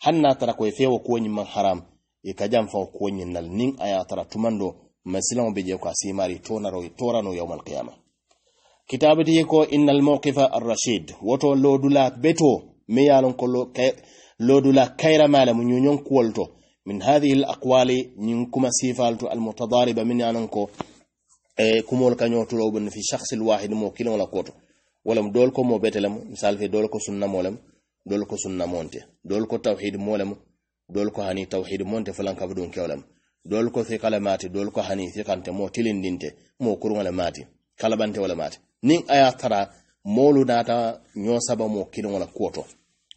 hanna tara ko fewo ko nyin man haram e kajam fa ko nyin nal nin aya tara tumando masilan be je ko asimari tonaro torano yawmal qiyamah kitabati ko innal mawqifa ar woto lodula beto me yalan ko lodula kaira malamu nyonyon kuwolto min hadhihi al aqwali nyin kuma sifaltu al mutadariba min yanan ko e kumol kanyo to lobun fi shakhs al wahid mo kilon la koto walam dol ko mo betelam misal fe dol ko sunna molam dol ko sunna monte dol ko tawhid molam dol ko hani tawhid monte falan ka don kewlam dol ko fi kalamati dol ko hani fi kante mo tilindinte mo kurungala mati kalabante wala mati nin aya tara molu nata nyo saba mo kilon la koto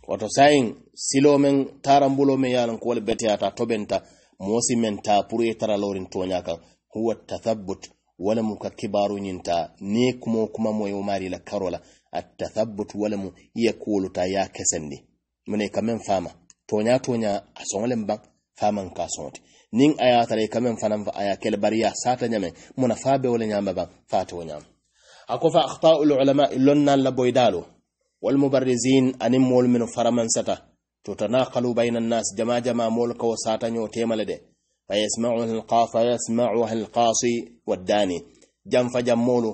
wato sayin silo men tarambulo men yalan ko wal beteyata tobenta mosi men ta pour e tara lorin tonya kan huwa tathabbut wala mu ka kibaru ñinta ne kuma kuma moyo mari la karola attathabbut wala mu ye ta ya kesendi mune kamen fama tonya tonya a soŋolen baŋ faman ka soŋoti nin a tare tara i ka fa a ye kele bari ya sata nyame muna fa be wo le ba baŋ fa te wo ñama a ko fa akhtau lulama lon nan la boydalo walmubarrizin anin moolu minu sata to tanaqalu bayna nas jama jama moolu kawo satañoo temale de fa yasmauha alqasi waddani janfa jam moolu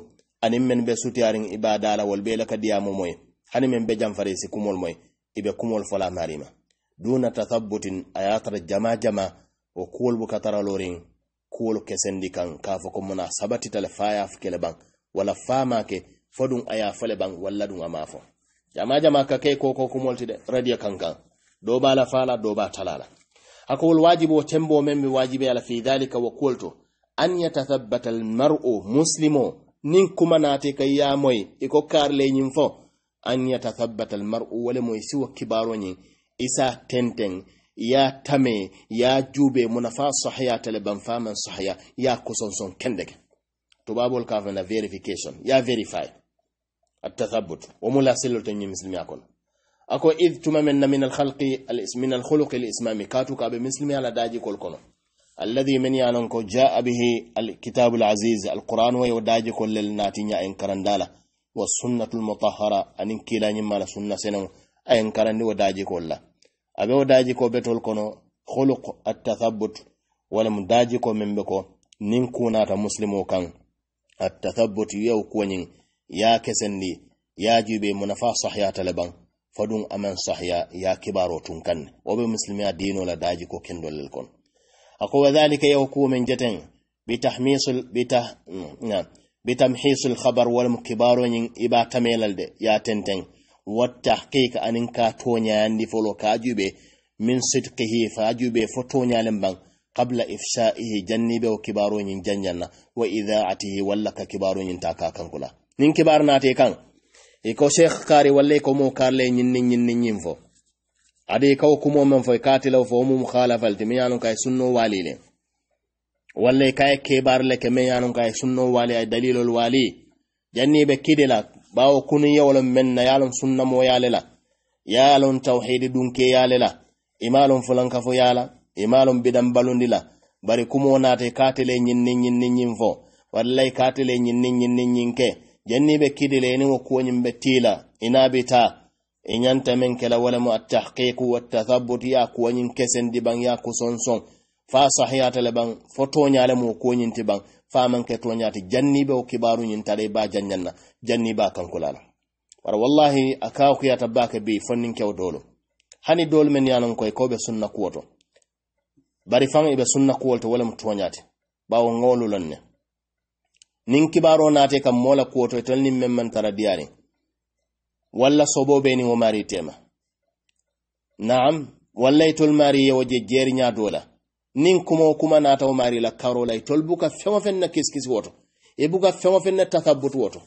anin men be sutiyarin ibadala wol be laka mo moy hani men be janfare si kumol moy ibe kumol fola marima duna tathabbutin ayatara jama jama o kuwol buka taralorin kuwol kesendi kan kafo ko muna sabatitale faya fukele ban wala famake fodun aya fale ban walla dun amafo jama jama ka kai ko ko kumoltide radio kankan do la fala do ba talala hako wol wajibu o tembo men mi wajibe ala fi wa kulto an yatathabbata al mar'u muslimo nin kuma naate ya yamoy iko karle nyin fo an yatathabbata al mar'u wala moy siwo kibaro nyin isa tenten ya tame ya jube munafa sahiya tale ban faman sahiya ya kusonson kendeke tubabol ka na verification ya verify التثبت وملا سلو تنجي مسلمي أكون أكو إذ تممن من الخلق من الخلق الإسمامي كاتو كاب مسلمي على داجي كل كنو الذي من يانكو جاء به الكتاب العزيز القرآن ويو داجي كل للناتين إن كرندالا والسنة المطهرة أن كلا نمال سنة سنو أن كرندي وداجي كل أبي وداجي كو بتول كونو خلق التثبت ولم داجي كو من بكو نين كونات مسلمو كان التثبت يو كونين ya kesendi ya jube munafa sahya talaban fadun aman sahya ya kibaro tun kan obe muslimiya dino la daji ko kendol kon ako wadhalika ya hukumin jaten bitahmisul bitah na mm, bitamhisul khabar wal mukibaro nyin iba tamelal de ya tenten tahqiq anin ka tonya andi folo ka jube min sidqihi fa jube fo tonya lemban qabla ifsha'ihi jannibe wa kibaro nyin janyanna wa idha'atihi wallaka kibaro nyin takakan kula nin kibar nati kan iko sheikh kari walle ko mo karle nyinni nyinni nyimfo adi ko kumo man fo kati law fo mu mukhalafal timi anu kay sunno walile walle kay ke bar le ke men anu kay sunno wali ay dalilul wali janni be kidela bawo kunu yawol men na yalon sunna mo yalela yalon tauhid dun ke yalela imalon fulan ka fo yala imalon bidam balundila bari kumo nate kati le nyinni nyinni nyimfo walle kati le nyinni nyinni nyinke nyin janni be kidileni wo kuwoñin nyimbe tiila ina bita iñanta men kela walemu attahqiqu wattathabut ya kuwoñin di bang ya kusonson fa sahiyata le ban mu toñale mo ti bang fa manke toñati janni be wo tare ba janyanna janni ba kankulala wala wallahi a ya bake bi fonnin kew dolo hani dolu men yanon koye be sunna kuwato bari fan iɓe sunna mu to walemu ba ɓawo ŋolulon ne nin kibaro naate kam mola kuwoto tol nin men man tara diyani walla sobo be ni wo mari tema naam walla itol mari yewo je jeeri ñaadola nin kuma o kuma naata wo mari la karo la itol buka feŋo feŋ na kisikisi woto i buka feŋo feŋ na tathabutu woto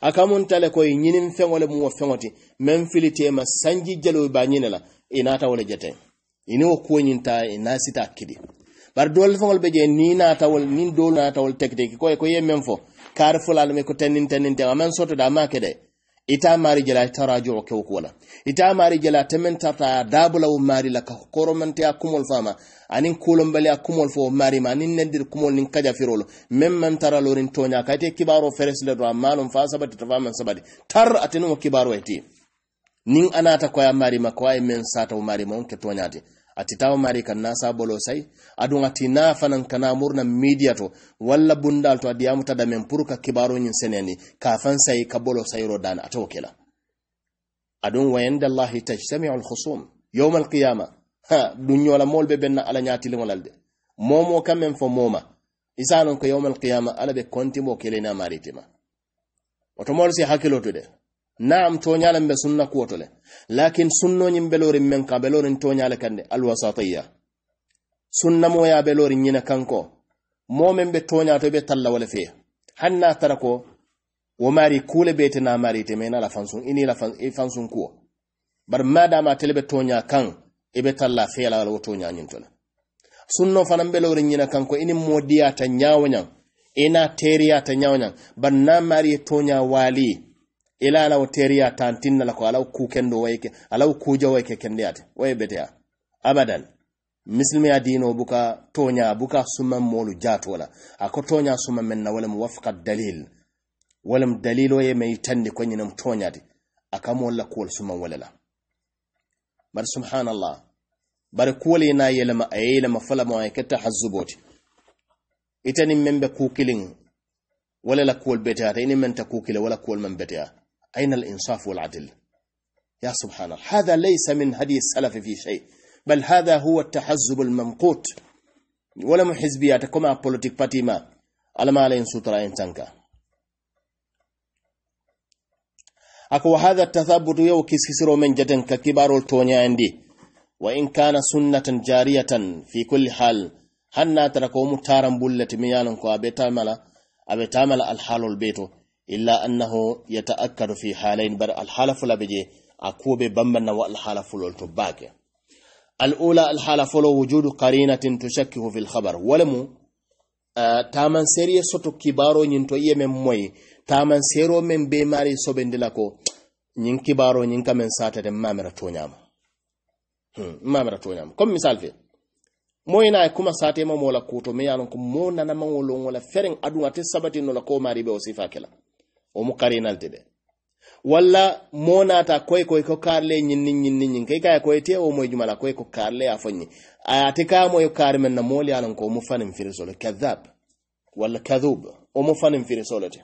a tale koye ñinin feŋo le muwo feŋo ti men fili tema sanji jaloy ba ñine la i naata wo le jete ini wo kuwo ñinta i naa sita kidi bar dol fongol be je ni na tawol nin dol na tawol tektek ko e ko yemmen fo kar fulal me ko tenin tenin te amen soto da make de ita mari jela taraju ke ko wala ita mari jela temen tata dabula o mari la ka koromante akumol fama anin kolon bali akumol fo mari ma nin nendir kumol nin kaja firolo mem man tara lorin tonya te kibaro feresle do amalum fa sabati tafaman sabati tar atinu kibaro eti nin anata koya mari ma koya e men sata o mari ma on ke tonyate ati taw mari kan na sa bolo sai adun ati na fanan kana murna media to wala bundal to adiyamu ta da men purka kibaro nyin seneni ka fan sai ka bolo sai ro dan ato kela adun wa inda allah tajtami'u al khusum yawm al qiyamah ha dunyo la be benna ala nyati limolalde momo kamen fo moma isanon ko yawmal qiyama ala be konti mo kelena maritima oto mol si de. naam toñalen be sunna kuwoto le lakin sunnoñin belorin men ka belorin toñale kande alwasatiya sunnamoya belorin ñina kanko momen be toñato be talla wala fee hanna tara ko wo mari kule bete na mari te mena la fansun ini la fan, e fansun kuwo bar madama tele be toña kan e be talla fee la wala wo toña ñintona sunno fanan belorin ñina kanko ini modiyata ñawoñan ina teriyata ñawoñan bar na mari toña wali ila ala o teriya tantinna la ko ala ku kendo wayke ala ku jaw kende kendiyate way ya abadan misilimiya dino buka tonya buka suman molu wala ako tonya suma men na walem wafqa dalil walem dalil ye mai tandi ko tonya toñati aka molla kuwol wala la bari subhanallah bari kuwole na yelema a eh, yelema falama ay ketta hazzuboti itani membe kukilin walela kuwol beteata ini menta kukile wala kuwol man beteya أين الإنصاف والعدل يا سبحان الله هذا ليس من هدي السلف في شيء بل هذا هو التحزب الممقوت ولا من حزبيات كما بوليتيك باتي ما على ما علين سوترا انتانكا اكو هذا التثبت يو كيسكسرو من جدن ككبارول تونيا عندي وان كان سنه جاريه في كل حال هن تركو متارم بولت ميانكو ابي تعمل ابي تعمل الحال البيتو illa annahu yata'akkaru fi halayn bar alhalafu labije akube bambanna wa alhalafu lol alula alhalafu lo wujudu qarinatin tushakkihu fil khabar walamu taman seriye soto kibaro nyin to moy taman sero men be mari nyin kibaro nyin kamen sata de mamira to nyama hmm mamira to nyama misal fe moy na kuma sate mola kuto me ko mo nana wala fereng sabati no la ko mari be o sifa kala o mu karinalte de walla monata koye koye ko karle ñinni ñinni nyin kay kaya koye te o moye jumala koye ko karle a foñi ayate kamoye kaari men na mooli alan ko mu fanin firisolo kadhab walla kadhub o mu fanin firisolo te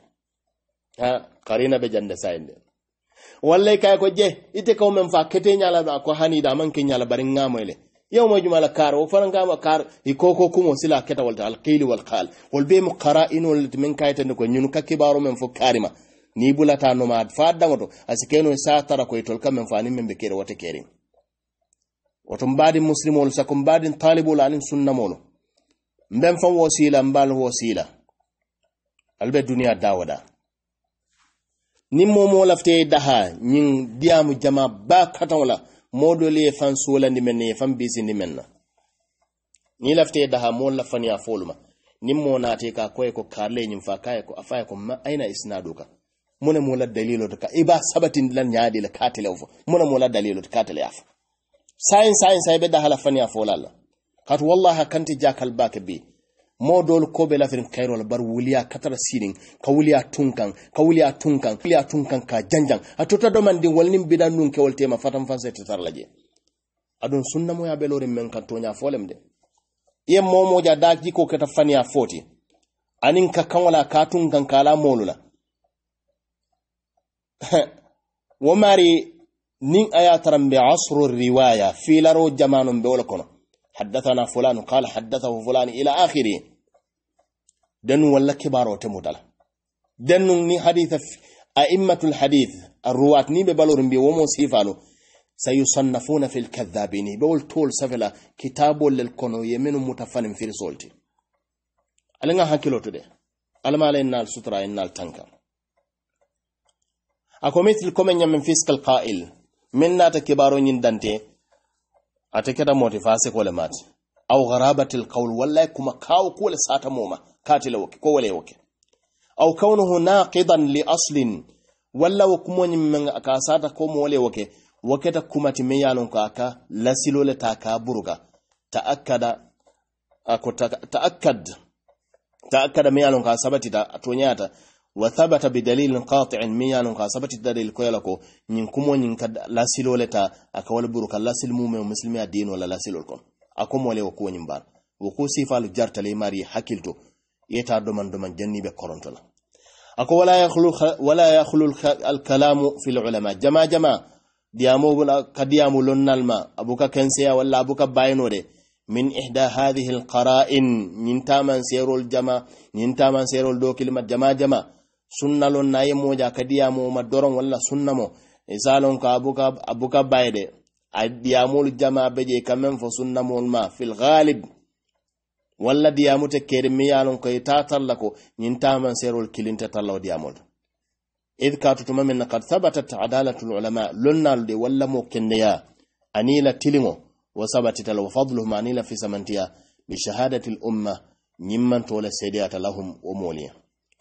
ha karina be jande sayinde walla kaya ko je ite ko men fa kete ñala ko hanida aman ke ñala bari ŋamoyle yau yawma jumala kar wa fanan gama kar i koko kumo sila keta walta alqili wal qal wol be mu qara inol min kayta ko nyunu ka kibaru men fo karima ni bulata no ma fa dangoto asikeno sa tara ko itol kam men fani men be kere wote kere woto mbadi muslimol sako mbadi talibol anin sunna molo mben fan wasila mbal wasila albe duniya dawada nin momo lafte daha nyin diamu jama ba katon la modol ye fan solandi men ye fan bisindi men na ni lafte daha mol la fan ya foluma ni mo naate ka koye ko karle ni fa ye ko ye ko ma aina isnadu ka muna la dalilo ka iba sabatin lan nyaade la katele ofo muna mola dalilo katele afa sayin sa sai be daha la fan ya folala kat wallahi kanti jakal bi. modol ko be lafirin kairol bar wuliya katara sirin ka wuliya tunkan ka wuliya tunkan wuliya tunkan ka janjan a tota do man din walnin bidan nun ke wolte ma fatan fanse ta tarlaje adun sunna mo ya be lorin men kan tonya folem de ye momo ja da ko kata a foti anin ka kanwala ka tunkan kala molula wo mari nin aya taran be asru riwaya filaro jamanun be wala kono حدثنا فلان قال حدثه فلان إلى آخره dan wala kibaro te mudal dan ni haditha a'immatul hadith arruat ni be balorum bi womo sifalo sayusannafuna fil kadhabin bi wal tul safala kitabu lil kono yeminu mutafanim fil solti alanga hakilo to de alama lay nal sutra en nal tanka akomitil komen nyam fiskal qa'il minna ta kibaro nyin dante ata keda motifase ko le mat aw gharabatil qawl wallahi kuma kaw ko le sata moma katila wake ko wale wake au kaunuhu naqidan li aslin walla wa kuma ni menga aka sata ko mu wale wake wake ta kuma ti meyalon ko aka lasilo le ta ka buruga taakkada ako taakkad taakkada meyalon ka sabati ta tonyata wa thabata bi dalilin qati'in meyalon ka sabati ta dalil ko yalako nin kuma nin ka lasilo le ta aka wal buruga lasil mu me muslimi adin wala lasilo ko akomo wale wako nyimbar wako sifa al jartale mari hakilto yeta doman doman be korontola ako wala wala al alkalamu fi ulama jama jama diyamobula ka diyamu lonnalma abuka kensiya wala abuka bayinode min ihda hadhihi al qara'in min taman seerol jama min taman seerol dokilima jama jama sunnalon lon moja kadiamu ma doron wala sunnamo mo isalon e ko abuka abuka bayde ay diamul jama beje kamen fo sunnamol ma fil ghalib walla diyamute keri mi yalon ko ta talla ko ñin taman serol kilinte talla o diyamolto id ka tutuma min kad thabatat adalatu lulama de walla mo kendeya anila wa sabati tal wa fadluhum anila fisamantiya umma lumma ñimmantole seedeyata lahum wa moliya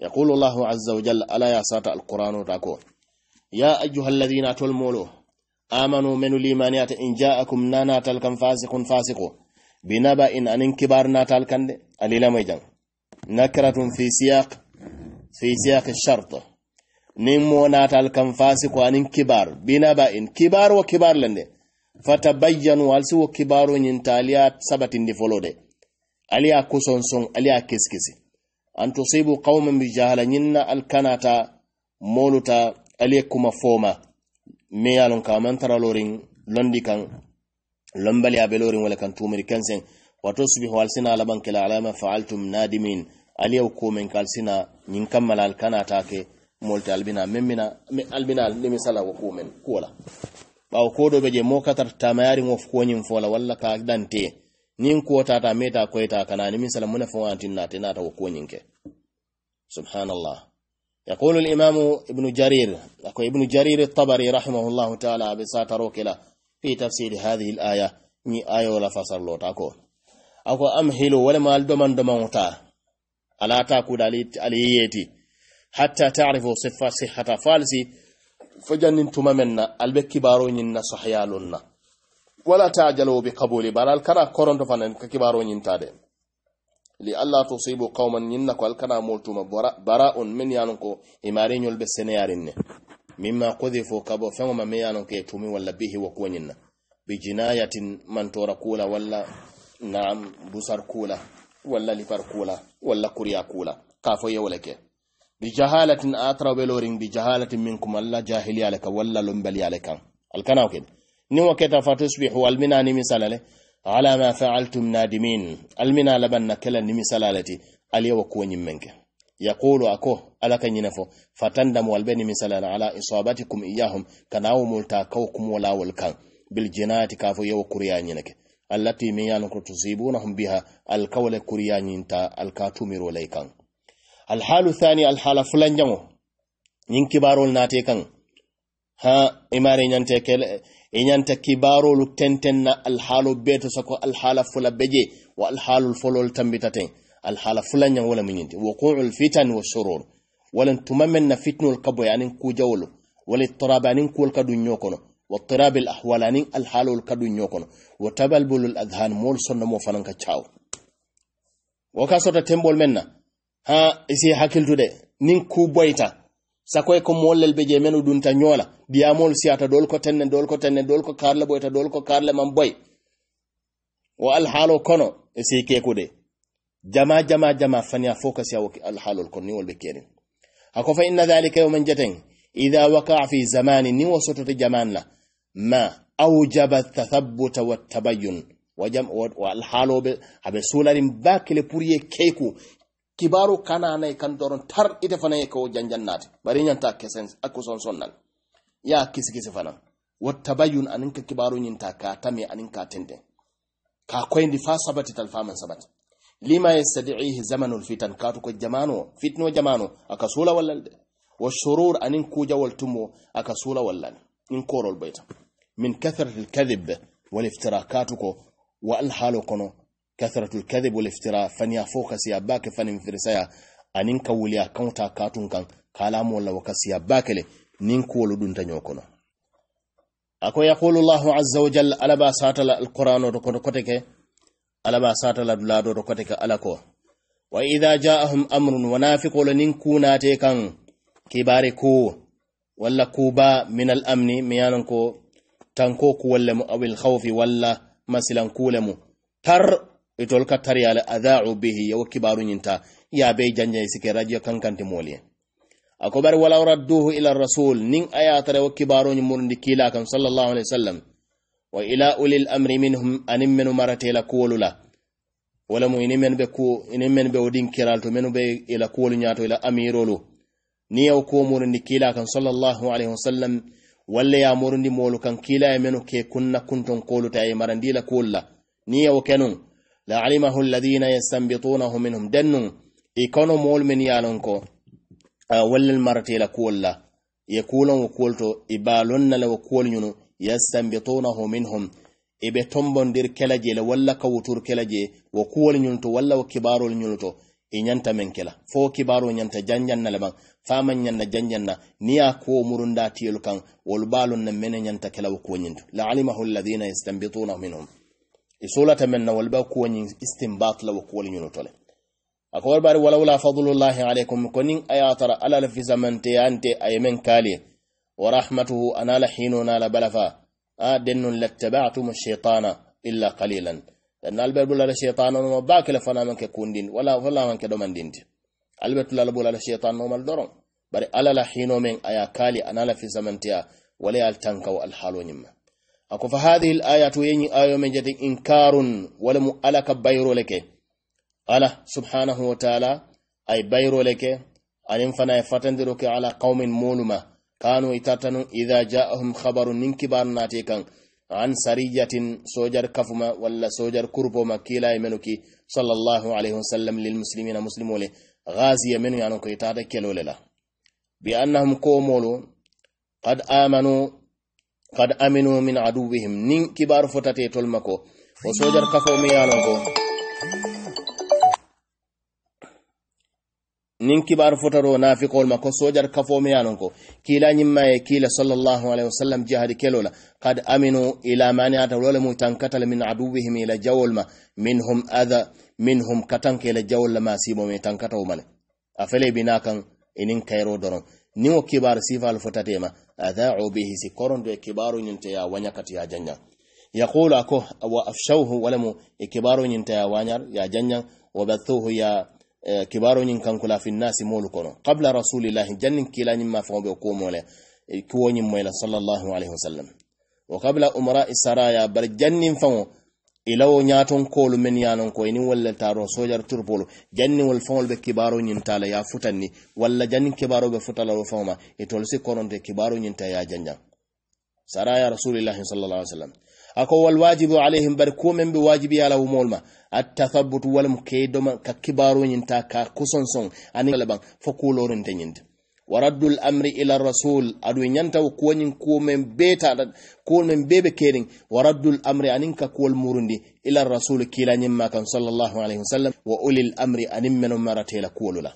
yaqulu azza wa jalla ala ya sata qur'an ta ko ya ayyuhal ladina tulmulu molo amanu menu limaniyata in jaakum nanatal kan fasikun fasiko binaba in anin kibar natal kande alila mai jan nakratun fi siyaq fi siyaq shart nin mo natal kan fasi ko anin kibar binaba in kibar wa kibar lande fatabayyanu alsu wa kibaru nyin taliya sabatin di folode aliya kuson son aliya keskisi an tusibu qauman bi jahalanna alkanata moluta aliya kuma foma me yalon kamantara lorin londi kan lombali a belorin wala kan tumiri kensen wato subihu alsina laban kila alama fa'altum nadimin aliyaw komen kalsina ñin kammala al kanata ke molte albina memmina me albina nimisala wo komen kuwola ɓawo ko ɗo ɓe je mokatar tamayari ŋof koñin fola walla ka dante nin ko ta meta ta kana nimisala mune fo antinnate nata wo koñin ke subhanallah imam يقول الإمام ابن جرير أكو ابن جرير الطبري رحمه الله تعالى بساتروكلا fi tafsiri hadhihi al-aya ni ayo la fasar lota ko ako am hilo wala mal doman doman ta ala ta ku dalit aliyati hatta ta'rifu siffa sihhata falsi fajannin tumamenna albe kibaro nyinna sahyalunna wala ta'jalu bi qabuli baral kara koronto fanan ka kibaro nyinta de li alla tusibu qauman nyinna ko alkana multuma bara'un min yanko imarinyol be mimma kudhifu kabo fengo mameyano ke tumi wala bihi wo kuwoñinna bi jinayatin mantora kula wala naam busar kula wala lipar kula wala kuriya kula ka fo yewole ke bi jahalatin a be loring bi jahalatin minkum alla jahiliyale kan walla lombeliyale kan alkanaw ken ni wo keta fa tusbihu almina ala ma faaltum nadimin almina laban na kela nimisalale ti aliyewo kuwoñimmen yaqulu ako ala kan yina fo fatandamu albani misalan ala isabatikum iyahum kanawo multa kawkum wala walkan bil jinati kafo yaw kuriya nyina ke allati min yanu ko tusibunahum biha alkawla kuriya nyinta alkatumiro laikan alhalu thani alhala fulan jango nin kibarol nate kan ha imare nyante kele inyanta kibarolu tentenna alhalu beto sako alhala fula beje wa alhalul folol tambitaten alhala fulanyan wala minyinti wuqu'ul fitan wa shurur wala tumamen na fitnul qabo yani kujawlu wala turabanin kul kadu kono wa tirabil ahwalanin alhalul kadu kono wa tabalbulul adhan mol sonna mo fananka chaaw ka sota tembol menna ha isi tude nin ku boyta sakoy ko mollel be je menu dunta ñoola diyamol siyata dol ko tenne dol ko tenne dol ko karle boyta dol ko karle man boy wa al'hala kono e ku de. jama jama jama fania focus ya alhalu alkonni wal bekerin hako fa inna dhalika yawman jatan idha waqa'a fi zamanin ni wasoto ta jamanna ma awjaba tathabbut wa tabayyun wa jam wa alhalu bi habe sularin bakile puriye keku kibaru kana nay kan doron tar ite fanaye ko janjannat bari nyanta kesen akuson sonnal ya kisi kisi fanan wattabayun aninka kibaru nyinta ka tame aninka tende ka koyndi fa sabati talfaman sabati lima yastadiihi zamanul fitan katu ko jamano fitno jamanu aka sula wallal de wa surur anin kuujawol tummo aka sula wallan in korol boyta min kathrati lkadib waliftira katu ko wa alhaalo kono kathratu lkadib waliftira faniya fo kasiya baake fani firisaya anin ka wuliya kawta kaatun kan kalamol wala wo kasiya baake le nin kuwolu nyau ño kono ako yaqulu allahu azza wa jalla alaba satala alqur'an oto kote ke alaba satala da kwatika alako wa idha wa amrun fi kolonin kuna te kan bari ko walla ba min al’amni amni ko tanko ku walla mu abin haufi walla masilan mu, tar itol ka tar yala adha'u bihi yaw kibaru yinta ya be janje sike radio kankanti Akwai bari wala duhu ila rasul nin tare wa kibaru nyumundi kila kan sallallahu alaihi wasallam wa ila ulil amri minhum anin menu marate la kuwolu la wala mu inin men be ku inin men be odin kiral to menu be ila kuwolu nyato ila amirolu ni yaw ko ni kila kan sallallahu alaihi wasallam walla ya ni molu kan kila ya menu ke kunna kunton kolu ta e marandi la kuwolla ni yaw kenun la alimahu alladhina yastanbitunahu minhum dannun ikono mol men yalon ko ah, wala marate ila kuwolla ye kulon wa kuwol to la wa kuwol yastanbitunahu minhum ibe tombondir kela je la walla ka kelaje wa je wo kuwol ñun walla wa kibarol nyunto inyanta i men kela fo kibaro nyanta janjan le ban fama nyanna janjan na niya ko murunda tiyol kan wal balun na men nyanta kela wo kuwo la alimahu alladhina yastanbitunahu minhum i men na wol ba kuwo ñin istinbat la wo kuwol ñun to le akowar bari walawla fadlullahi alaykum konin ayatara alal fisamante ante ayemen kaliye wa rahmatuhu anala hino nala balafa a dennun lattaba'tum shaytana illa qalilan dan albert bulala shaytana bakila fana man kundin wala wala man ke do mandinti bulala bulala shaytana doron bari alala hino men aya kali anala fi zamantiya wala al tankaw al halonyimma ako fa hadhihi al ayatu yenyi ayo men inkarun wala mu alaka bayro leke ala subhanahu wa ta'ala ay bayro leke anin fana ya fatandiro ke ala qaumin muluma kano itatanu idha jaahum khabaru nin kibaru nate kan an sarijatin sojar kafuma wala sojar kurpoma kilaye menu ki sallallahu alayhi wasallam lilmuslimina muslimole gasiya menu yano ko itata kelole la bi annahum komolu qad amanu qad aminu min aduwihim nin kibaru fotate tolmako ko o sojar kafo mi yano ko nin kibar fotaro nafiqol ma ko sojar mi yanon ko kila ñimmaye kila sallallahu alaihi wa sallam kelola kad aminu ila mani ata lole mu tankatala min aduwihim ila jawlma ma minhum adha minhum katanke ila jawlma la masibo tankata o male afale binakan inin kairo doron nin o kibar sifal fotatema adhau bihi sikoron de kibaru kibaru te ya wanya kat ya janya yaqulu ako wa afshawhu walamu e kibaru te ya wañar ya janya wa bathuhu ya Eh, kibaro nyin kula fi nasi molu kono qabla rasulillahi jannin kila nyin ma fongo ko mole e, ko nyin moyla sallallahu alaihi wasallam wa qabla umara isaraya bar jannin fango ilawo nyaton lu men yanon ko ni walla taro sojar turbolo jannin wal fawol be kibaro nyin tala ya futanni walla jannin kibaro be futala wa ma e tolsi koronte kibaro nyin ta ya janja saraya rasulillahi sallallahu alaihi wasallam ako wal wajibu bar bari men be wajibi ala at tathabbut wal mukaydum ka kibaru kibaroñinta ka kusonson ani laban fo kulorinte ñinde wa raddu l amri ila rasul aɗu ñantaw kuwoñin kuwomen beta ko men bebe kerin wa raddu amri anin ka kuwol murundi ila rasul ma kan sallallahu alaihi wasallam wa ulil amri anin meno maratela kuwolula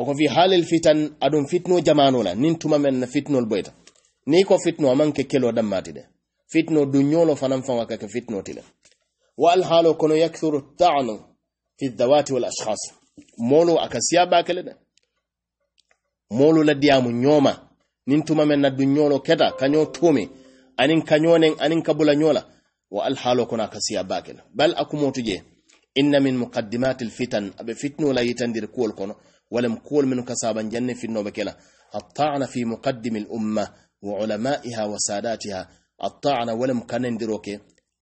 oko fi halil fitan aɗum fitno jamanula nin tuma men na fitnol boyta ni ko fitno amanke kelo damati de fitno du fanan fanam ka ke fitno tila wa al alhaalo kono yakthuru taanu fi dhawati wal ashkhas molo akasiya ka siya molo la diyaamu ñooma niŋ tuma meŋ na duñolo keta kanyo tumi anin kañoo neŋ aniŋ ka bula ñoo la wa kono a ka siya bal akumotu kumootu inna min muqaddimati fitan abe fitno la yitandiri kuwol kono ولم كول kasaban كسابا جنة في النوبة ta'na fi في al umma وعلمائها وساداتها الطعن ولم كنندروك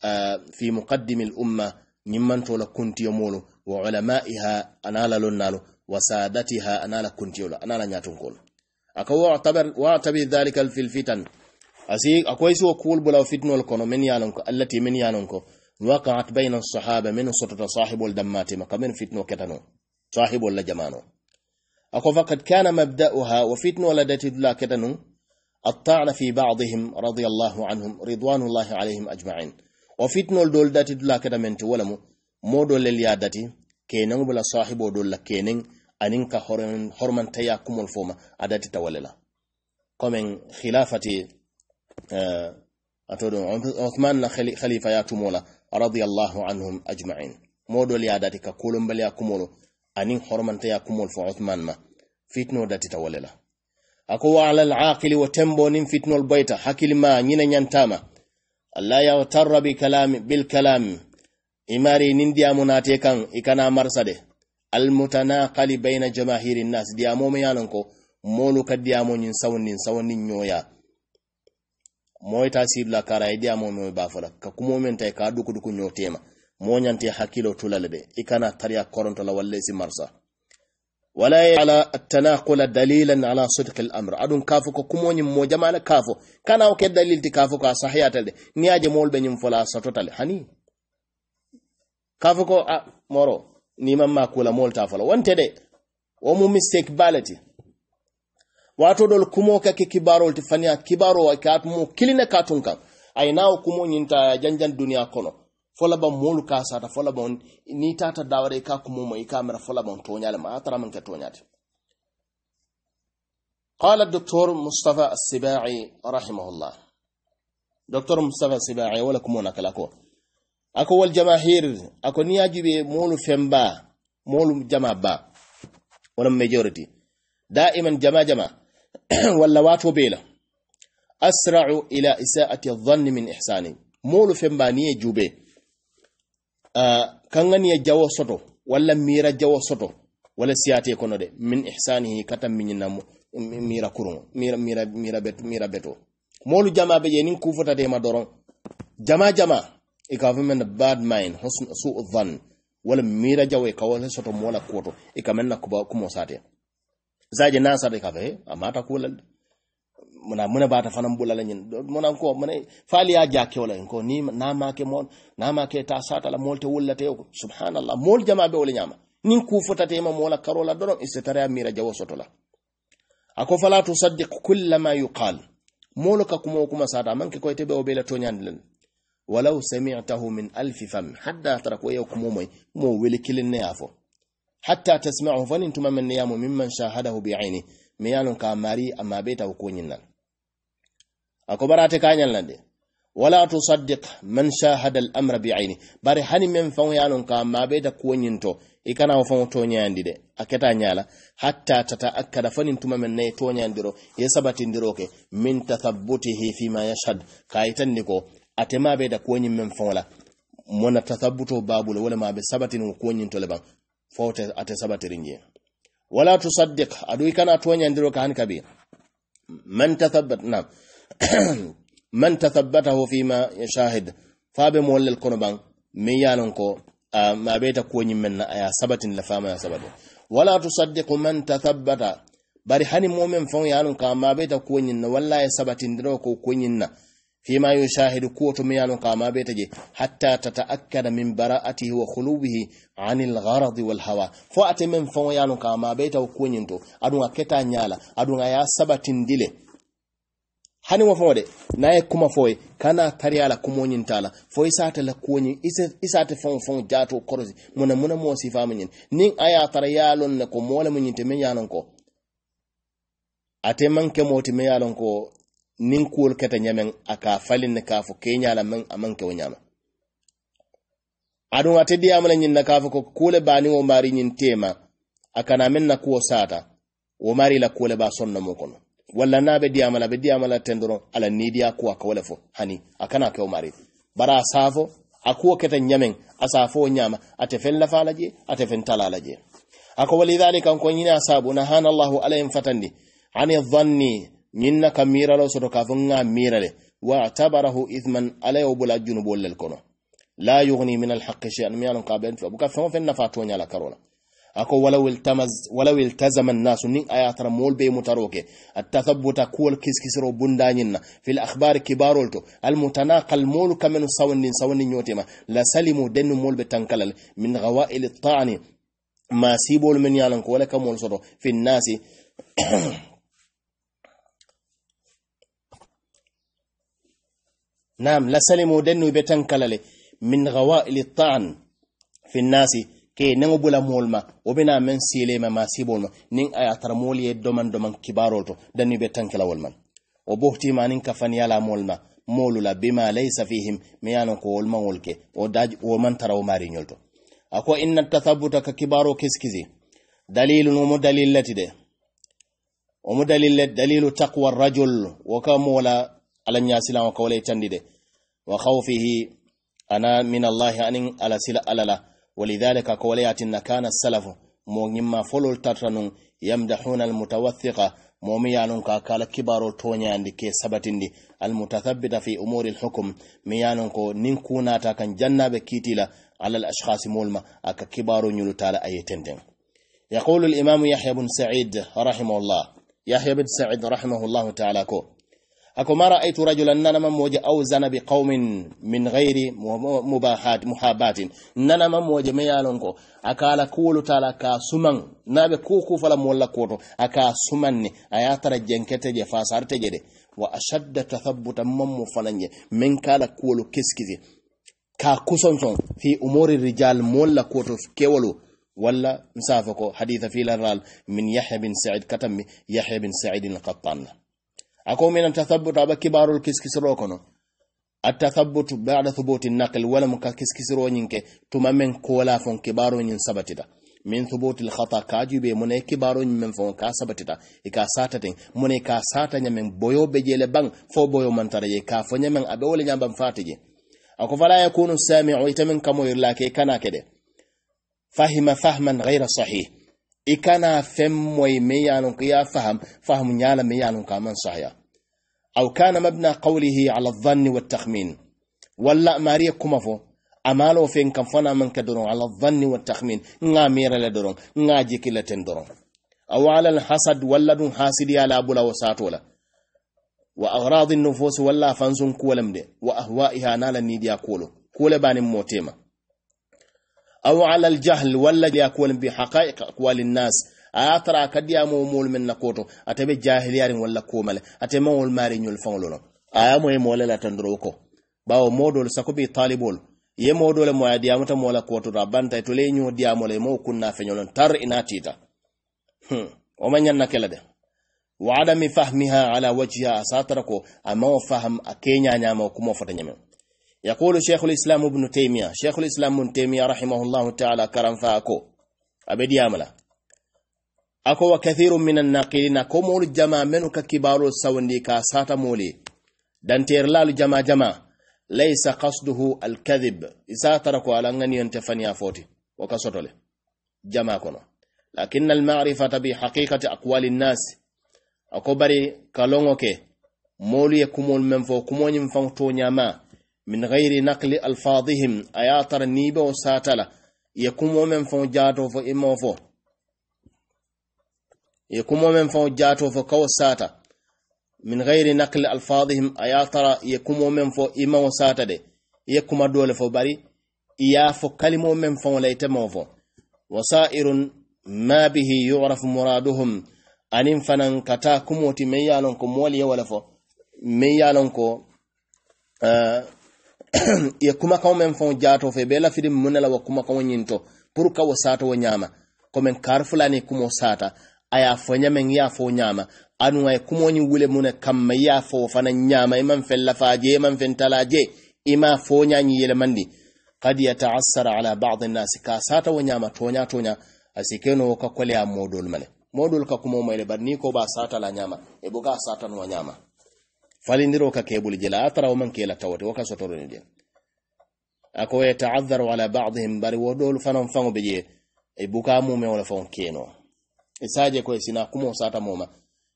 آه، في مقدم الأمة نمان تولا كنت يمولو وعلمائها أنالا لنالو وسادتها أنالا كنت يولا أنالا نياتنكول أكو أعتبر واعتبر ذلك في الفتن أسي أكويس وكول بلا فتن والكون من يالنكو التي من يالنكو وقعت بين الصحابة من سطة صاحب الدمات مقامين فتن كتنو صاحب ولا جمانو أكو فقد كان مبدأها وفتن ولدت دتدلا كتنو الطعن في بعضهم رضي الله عنهم رضوان الله عليهم أجمعين وفتن الدول داتي دولا كده من تولمو مودو دول لليا داتي كينن بلا صاحب دول كينن أنين كهرمن هرمن تيا كمول فوما أداتي توللا كمن خلافة آه أتودون عثمان خليفة يا تومولا رضي الله عنهم أجمعين مودو دول يا داتي ككولن بلا كمولو أنين هرمن تيا كمول فو عثمان ما فتنو داتي توللا ako wa ala alaqili wo tembo nin fitnol boyta hakkilima ñina ñantama alla yagtarra bi kalam bil kalami imari nin diyamu nate kan al kana marsa de almutanaqali bayna jamahiri nnas diyamome yalon ko moolu ka diyamo ñin sawndin nyoya moy tasib la kara e diyamome ba fola ka kumomen tay ka dukuduku ñotema moñante hakkilo tulale de i kana tariya la walla si marsa wala ya ala tanaqula dalilan ala sidq al amr adun kafu ko kumo nyim mo jamala kafu kana o ke dalil ti kafu ka sahiyata de ni aje mol be nyim fola satotal hani kafu ko a moro ni mamma kula mol ta fola wonte de o mu mistake balati wato dol kumo ka ke kibarol ti fania kibaro wa ka mu kilina katun kan ay nawo kumo nyinta janjan duniya kono folaban molu ka sata folaban ni tata dawara ka kuma mai ka mara folaban tonya ma tara min ka tonya ta qala doktor mustafa as-sibai rahimahullah doktor wala kuma na kala ko ako wal jamaahir ako ni ajibe molu femba molu jama ba wala majority da'iman jama jama wala wato bela asra'u ila isa adh-dhanni min ihsani molu femba ni e jube. kangani ya jawo soto wala mira jawo soto wala siyate kono de min ihsanihi katam min namu mira kurun mira mira mira bet mira beto molu jama be yenin kufata de ma doron jama jama e ka fa men bad mind husn su dhan wala mira jawe ka wala soto mola koto e ka men na kuba kumo sate zaje na sate ka fe amata kulal muna muna bata fanan bulala nyin muna ko muna fali ya ja ke wala ko ni na ma ke mon na ma ke ta sata la molte wulla te ko subhanallah mol jama be wala nyama nin ku fota te ma mola karola don istatara mira jawo sotola ako fala tu saddiq kull ma yuqal molo ka kuma kuma sata man ke ko te be o be la tonyan len walau sami'tahu min alf fam hatta tarako ya kuma moy mo weli kilin ne afo hatta tasma'u fanin tuma man yamu mimman shahadahu bi'aini miyalon ka mari amma beta ko nyin nan ako barate nande wala tusaddiq man shahada al amra bi ayni bari hani men faŋo ye non ka maabeta kuwoñinto i kana wo to nyandi de a nyala ñala hatta tata akkada fanin tuma men to nyandiro ye ndiro ke min tathabbutihi ma yashhad ka yitanni ko ate maabeta kuwoñin men fawo la mona tathabbuto babule wala mabe sabatinin kuwoñinto le fo fote ate sabatirin rinje wala tusaddiq aduy kana nyandiro ka hani kabi man tathabbat na. man تثبته فيما يشاهد fabe mollel kono ban min yanon ko ma beta koñim men سبت sabatin ya wala tusaddiqu man bari hani momen fon yanon ka ma beta koñin na walla sabatin dro ko koñin na fima yushahidu kuwo to min yanon ka ma beta je hatta tataakkada min bara'atihi wa khuluwihi anil gharadi wal hawa fo ate men fon yanon ka ma beta koñin to adun aketa nyala adun ya sabatin dile hani wo fode naye kuma foye kana tariya la kumoñin tala fo isate la kuoñin isate fon fon jato korosi muna muna mo sifa muñin ni aya tara yalon ne ko mola muñin te men yalon ko ate manke moti men yalon ko nin kuol keta a aka falin ne kafo kenyala men amanke wo nyama adun ate diya mana nyin na kafu ko kule bani wo mari nyin tema kana min na kuo sata wo mari la kule ba sonno mo kono walla na be diyamala be diyamala ten ala nidiya kuwa ka wala fo hani a kana o mari bara a saafo a keta ñamen a saafo o ate fen lafa la je ate fen tala la je ako walidhalika ko ñina saabu nahana allahu alayhim fatandi ani dhanni na ka miralo soto ka fo ŋa mirale واعتبره إثما على يوبل الجنوب ولا الكونو لا يغني من الحق شيئا ميالون قابل فبك فهم فين نفاتون على karola ako walaw iltazama annasu nin a yatara mool be mutaro ke attathabuta kuwol kiskisiro bundañin na fil akhbari kibarol to almutanakal moolu kamenu sawandin sawandin ñotema la salimu dennu mool be tankalal min gawaili taani ma siibolu men yalan ko wala kamol soto fi nnasi nam la salimu dennu be tankalale min gawaili taan fi nnasi ke nan bula molma ma wo men sile ma ma sibol ma nin aya tara moliye doman doman kibaro to danni be tankela wol o bohti ma nin kafan yala molma molu la bima laysa fihim mi yanon ko wol wolke o daj o man tara o mari nyolto ako inna tathabuta ka kibaro kiskizi dalilun umu dalil lati de mu dalil lati dalilu taqwa rajul wa ka mola ala nyasila wa ka tandi de wa khawfihi ana min allah anin ala sila alala wali dhalika ka wali yati na kana salafu mu ni ma folo tatra nun yam da hona almuta wasiqa mu mi kala kibaro ke sabatin di almuta sabbi ta fi umuril hukum mi ya ko nin kuna ta kan janna be kiti alal ashkasi mulma a ka kibaro nyulu ta tenten. ya imamu yahya bin sa'id rahimahullah yahya ko ako mara aitu rajulan nanama moja au zana bi qaumin min ghairi mubahat muhabatin nanama moja me yalon ko akala kulu tala ka suman nabe kuku fala molla koto aka sumanni ayatara jenkete je fasarte je de wa ashadda tathabbutan mammu falanje min kala kulu kiskizi ka kusoncon fi umuri rijal molla koto kewalu walla msafa ko haditha filaral min yahya bin sa'id katammi yahya bin sa'id al-qattan ako minan tathabbutu aba kibarul kiskisiro kono attathabbutu bada thubuti nakl walam ka kiskisiro ñinke tuma men kola fon kibaro ñin sabatita min thubuti lhata kajube mune kibaro ñin men fon ka sabatita ika sataten mune ka sata ñamen boyo be jele bang fo boyo mantara je ka fo ñamen abe wole ñamban fatije ako fala yakunu samiu itamen kamoyirlake kana kede fahima fahman gayra sahih ikana fem moy me yalon ko ya faham fahmu ñala me yalon ka man sahya أو كان مبنى قوله على الظن والتخمين ولا ماريا كمفو أمالو فين كان فنا من كدرون على الظن والتخمين نا ميرا لدرون نا جيكي لتندرون أو على الحسد ولا حاسد حاسدي على أبو وساتولا وأغراض النفوس ولا فانسون كولم دي وأهوائها نالا نيديا كولو كول باني موتيما أو على الجهل ولا يكون بحقائق أقوال الناس aya tara kadiya mo mol min na koto atabe jahiliyarin walla komale ate mawol mari nyol fangolono aya mo e molela tandro ko bawo modol sakubi talibol ye modole mo adiya mata mola koto rabanta to le nyo diya mole mo kunna fenyolon tar inatita hmm o manyan na kelade wa adami fahmiha ala wajhiha asatrako amma faham akenya nyama kuma fata nyama يقول شيخ الإسلام ابن تيمية شيخ الإسلام ابن تيمية رحمه الله تعالى كرم فاكو أبدي أملا ako wa kathirun minan naqilina ko moolu jama menu ka kibaarol sawandi ka sata moole danteerlaalu jama jama laysa kasduhu alkadib isa tara ko ala ŋaniyonte faniya foti wo ka sotole jama kono lakinna almarifata bi haqiqati aqwali nas ako bari ka loŋo ke moolu ye kumolu meŋ fo kumoñiŋ faŋ nyama min gayri nakli alfadihim ayatar ye a tara sata la ye kumo meŋ faŋ jaato fo i fo يكمو من فوجاته فكو ساتا من غير نقل الفاظهم ايا ترى يكمو من فو اما وساتا دي يكما دول فو بري يا فو كلمو من فو ليتمو فو وسائر ما به يعرف مرادهم anin fanan kata kumoti men yalon ko moli wala fo men yalon ko uh, ya kuma kaw men fon jato fe bela fidim munala wa kuma kaw nyinto pour kaw sato wa nyama ko men kar fulani aya fo nyamen ya fo nyama anu ay kumoni wule mune kamma ya fo fana nyama iman fen lafaje man fen talaje ima fo nyanyi yele mandi qad yata'assara ala ba'd an-nas ka sata wa nyama tonya tonya asikeno ka kwale ya modol male modol ka kuma mai bar ni ko ba sata la nyama e buga sata no nyama falindiro ka kebul jila atara man kela tawati waka sotoro ni de ako yata'adharu ala ba'dihim bari wodol fanan fango beje e buka mu me wala fon keno isaje ko sina kumo sata moma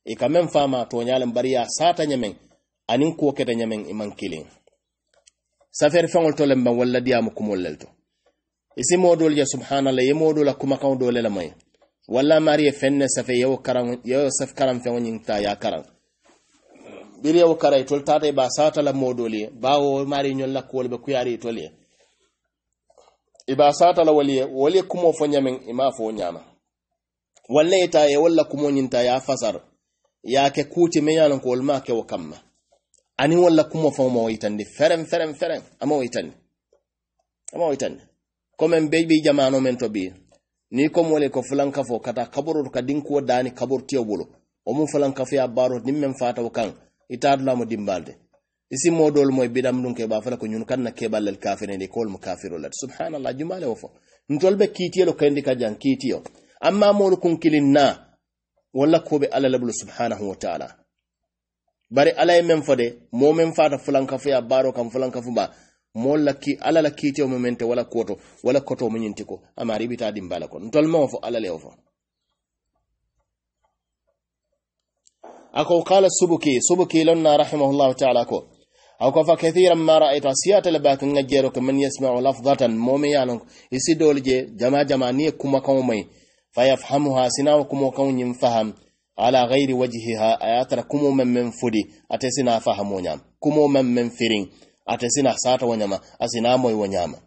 e kamen fama to nyalen bariya sata nyamen anin ko keta nyamen iman kilin safere fangol to lemban walla diyamu kumol lelto isi modol ya subhanallah ye modol la kuma kan dole la may walla mari fenne safe yewo karam yewo saf karam fe wonin ta ya karam bir yewo karay tol tata ba sata la modoli bawo mari nyol la ko be kuyari tole iba sata la waliye wali kuma fo nyamen ima fo nyama walla ita ya walla kumoñinta ya fasar yake me meñanan ko wolma kewo kamma anin walla kumo fo ma woyitandi feren feren feren ama woyitandi ama woyitandi commen be ɓi jamano men to bi ni komwole ko fulanka kafo kata kaborot ka din dinkuwo dani kabor tiyo o omu fulanka kafo ya baro nin men fatawo kan itadulamo dimbalde isi modol moy bidam dun ke ba fala ko ñun kan na ke balal kafirene ko mu kafirul subhanallah jumale wo fo ntolbe kitiyelo kayndi ka jan kitiyo amma molu kunkilin na walla koɓe allah labulu subhanahu wa taala bari ala ye men fo de mo men fata ya baaro kam fulankafuba moolu la ki ala la kiiteo mu men wala koto wala koto mu ñinti ko ama ribita dimbala ko ntol mawo fo ala lewo fo ako qala subuki subuki lonna rahimahullahu taala ko ako fa kathiran ما ra'aytu siyata la نجيرك من ko man yasma'u lafzatan momi yalon جما dolje jama jama kuma mai fayafhamuha sina kuma kan yin faham ala ghairi wajhiha ayatar kuma man men fudi ate sina fahamo nyam kuma men firin ate sina sata wanyama asina moy wanyama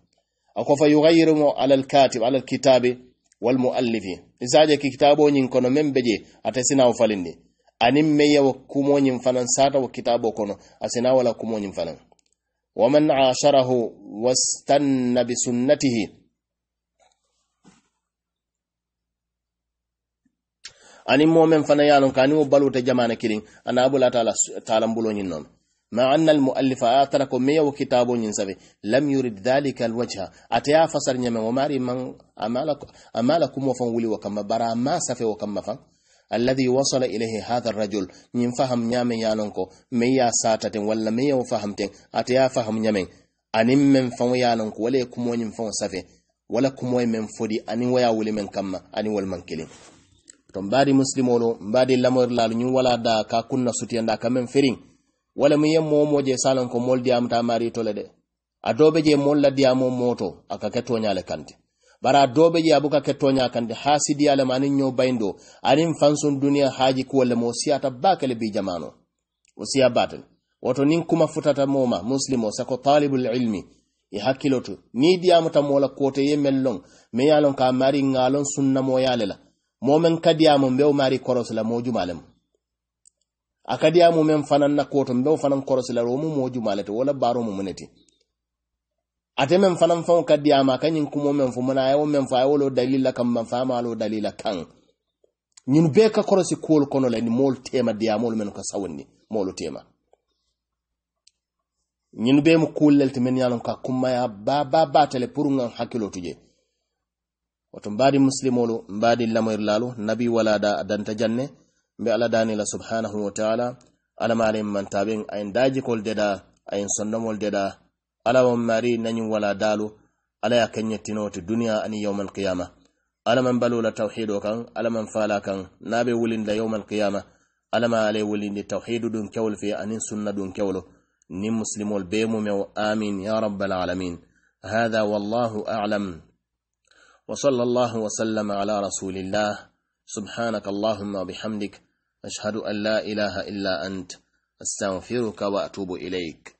akofa yughayiru ala alkatib ala alkitabi wal muallifi izaje ki kitabo nyin kono men beje ate sina falindi anim meya wa kuma nyin fanan sata wa kitabo kono asina wala kuma nyin fanan asharahu wastanna bi sunnatihi ani momen fana yalon kani wo baluta jamana kilin ana bula ta taala bulo nyin non ma anna al muallifa atarako me yaw kitabo nyin sabe lam yurid dhalika al wajha ataya fasar nyame wa mari man amalakum amalakum wa fan wuli wa kama bara ma safe wa kama fan alladhi wasala ilayhi hadha ar-rajul nyin faham nyame yalon ko me ya sataten walla me yaw fahamten ataya faham nyame anin men ya yalon ko wale kumo nyin fan safe wala kumo men fodi anin waya wuli men kama anin wal man kilin to mbaadi musilimolu mbaadi lamorilalu ñu wala da ka kunna suti sutiyanda ka meŋ firin wala mu ye moo je salan ko moolu diyamata ta mari tole de adobe je mol la diyamo mooto a ka ke toña le kanti bari je abuka buka ke toña kanti haasidiya lema aniŋ ñoo bayindo aniŋ fansun duniya haji ko lema mo siata baake le bi jamano o siya batal woto nin kuma futata moma muslimo musilimo ko talibul ilmi i hakkilotu ni i diyamuta moo la kooto ye meŋ loŋ meŋ ka mari ngalon sunna mo yalela momen kadiyamu bew mari koros korosila mojumalem a kadiyamu men fanan na koto bew fanan la romu mojumalete wala baro baromu muneti ate men fanan faŋo ka diyama ka ñiŋ kumo men fo mana ye wo men fo a dalila kaŋ man fa ma lo dalila kaŋ ñiŋ bee ka korosi kuwolu kono le ni moolu tema diyamolu menu ka sawindi moolu tema ñiŋ bee mu kuwolu te ti men ye a loŋ ka kummaya baa baa baate pour ŋaŋ hakkilo tu woto mbaadi muslimolu mbaadi lamoyirlalu nabi da danta janne mbe ala la subhanahu wa ta'ala alamaalin mantaɓen ayin dajikol deɗa ayin sondomol ala wa mari nani wala dalu ala ya tinoti duniya ani al qiyama balu la tawhid o kan man fala kan la wulinda al qiyama alama wulin ni tawhid dun kawl fi anin sunna dun kawlo ni muslimol be mu amin ya rabbal alamin hada wallahu alam وصلى الله وسلم على رسول الله سبحانك اللهم وبحمدك أشهد أن لا إله إلا أنت أستغفرك وأتوب إليك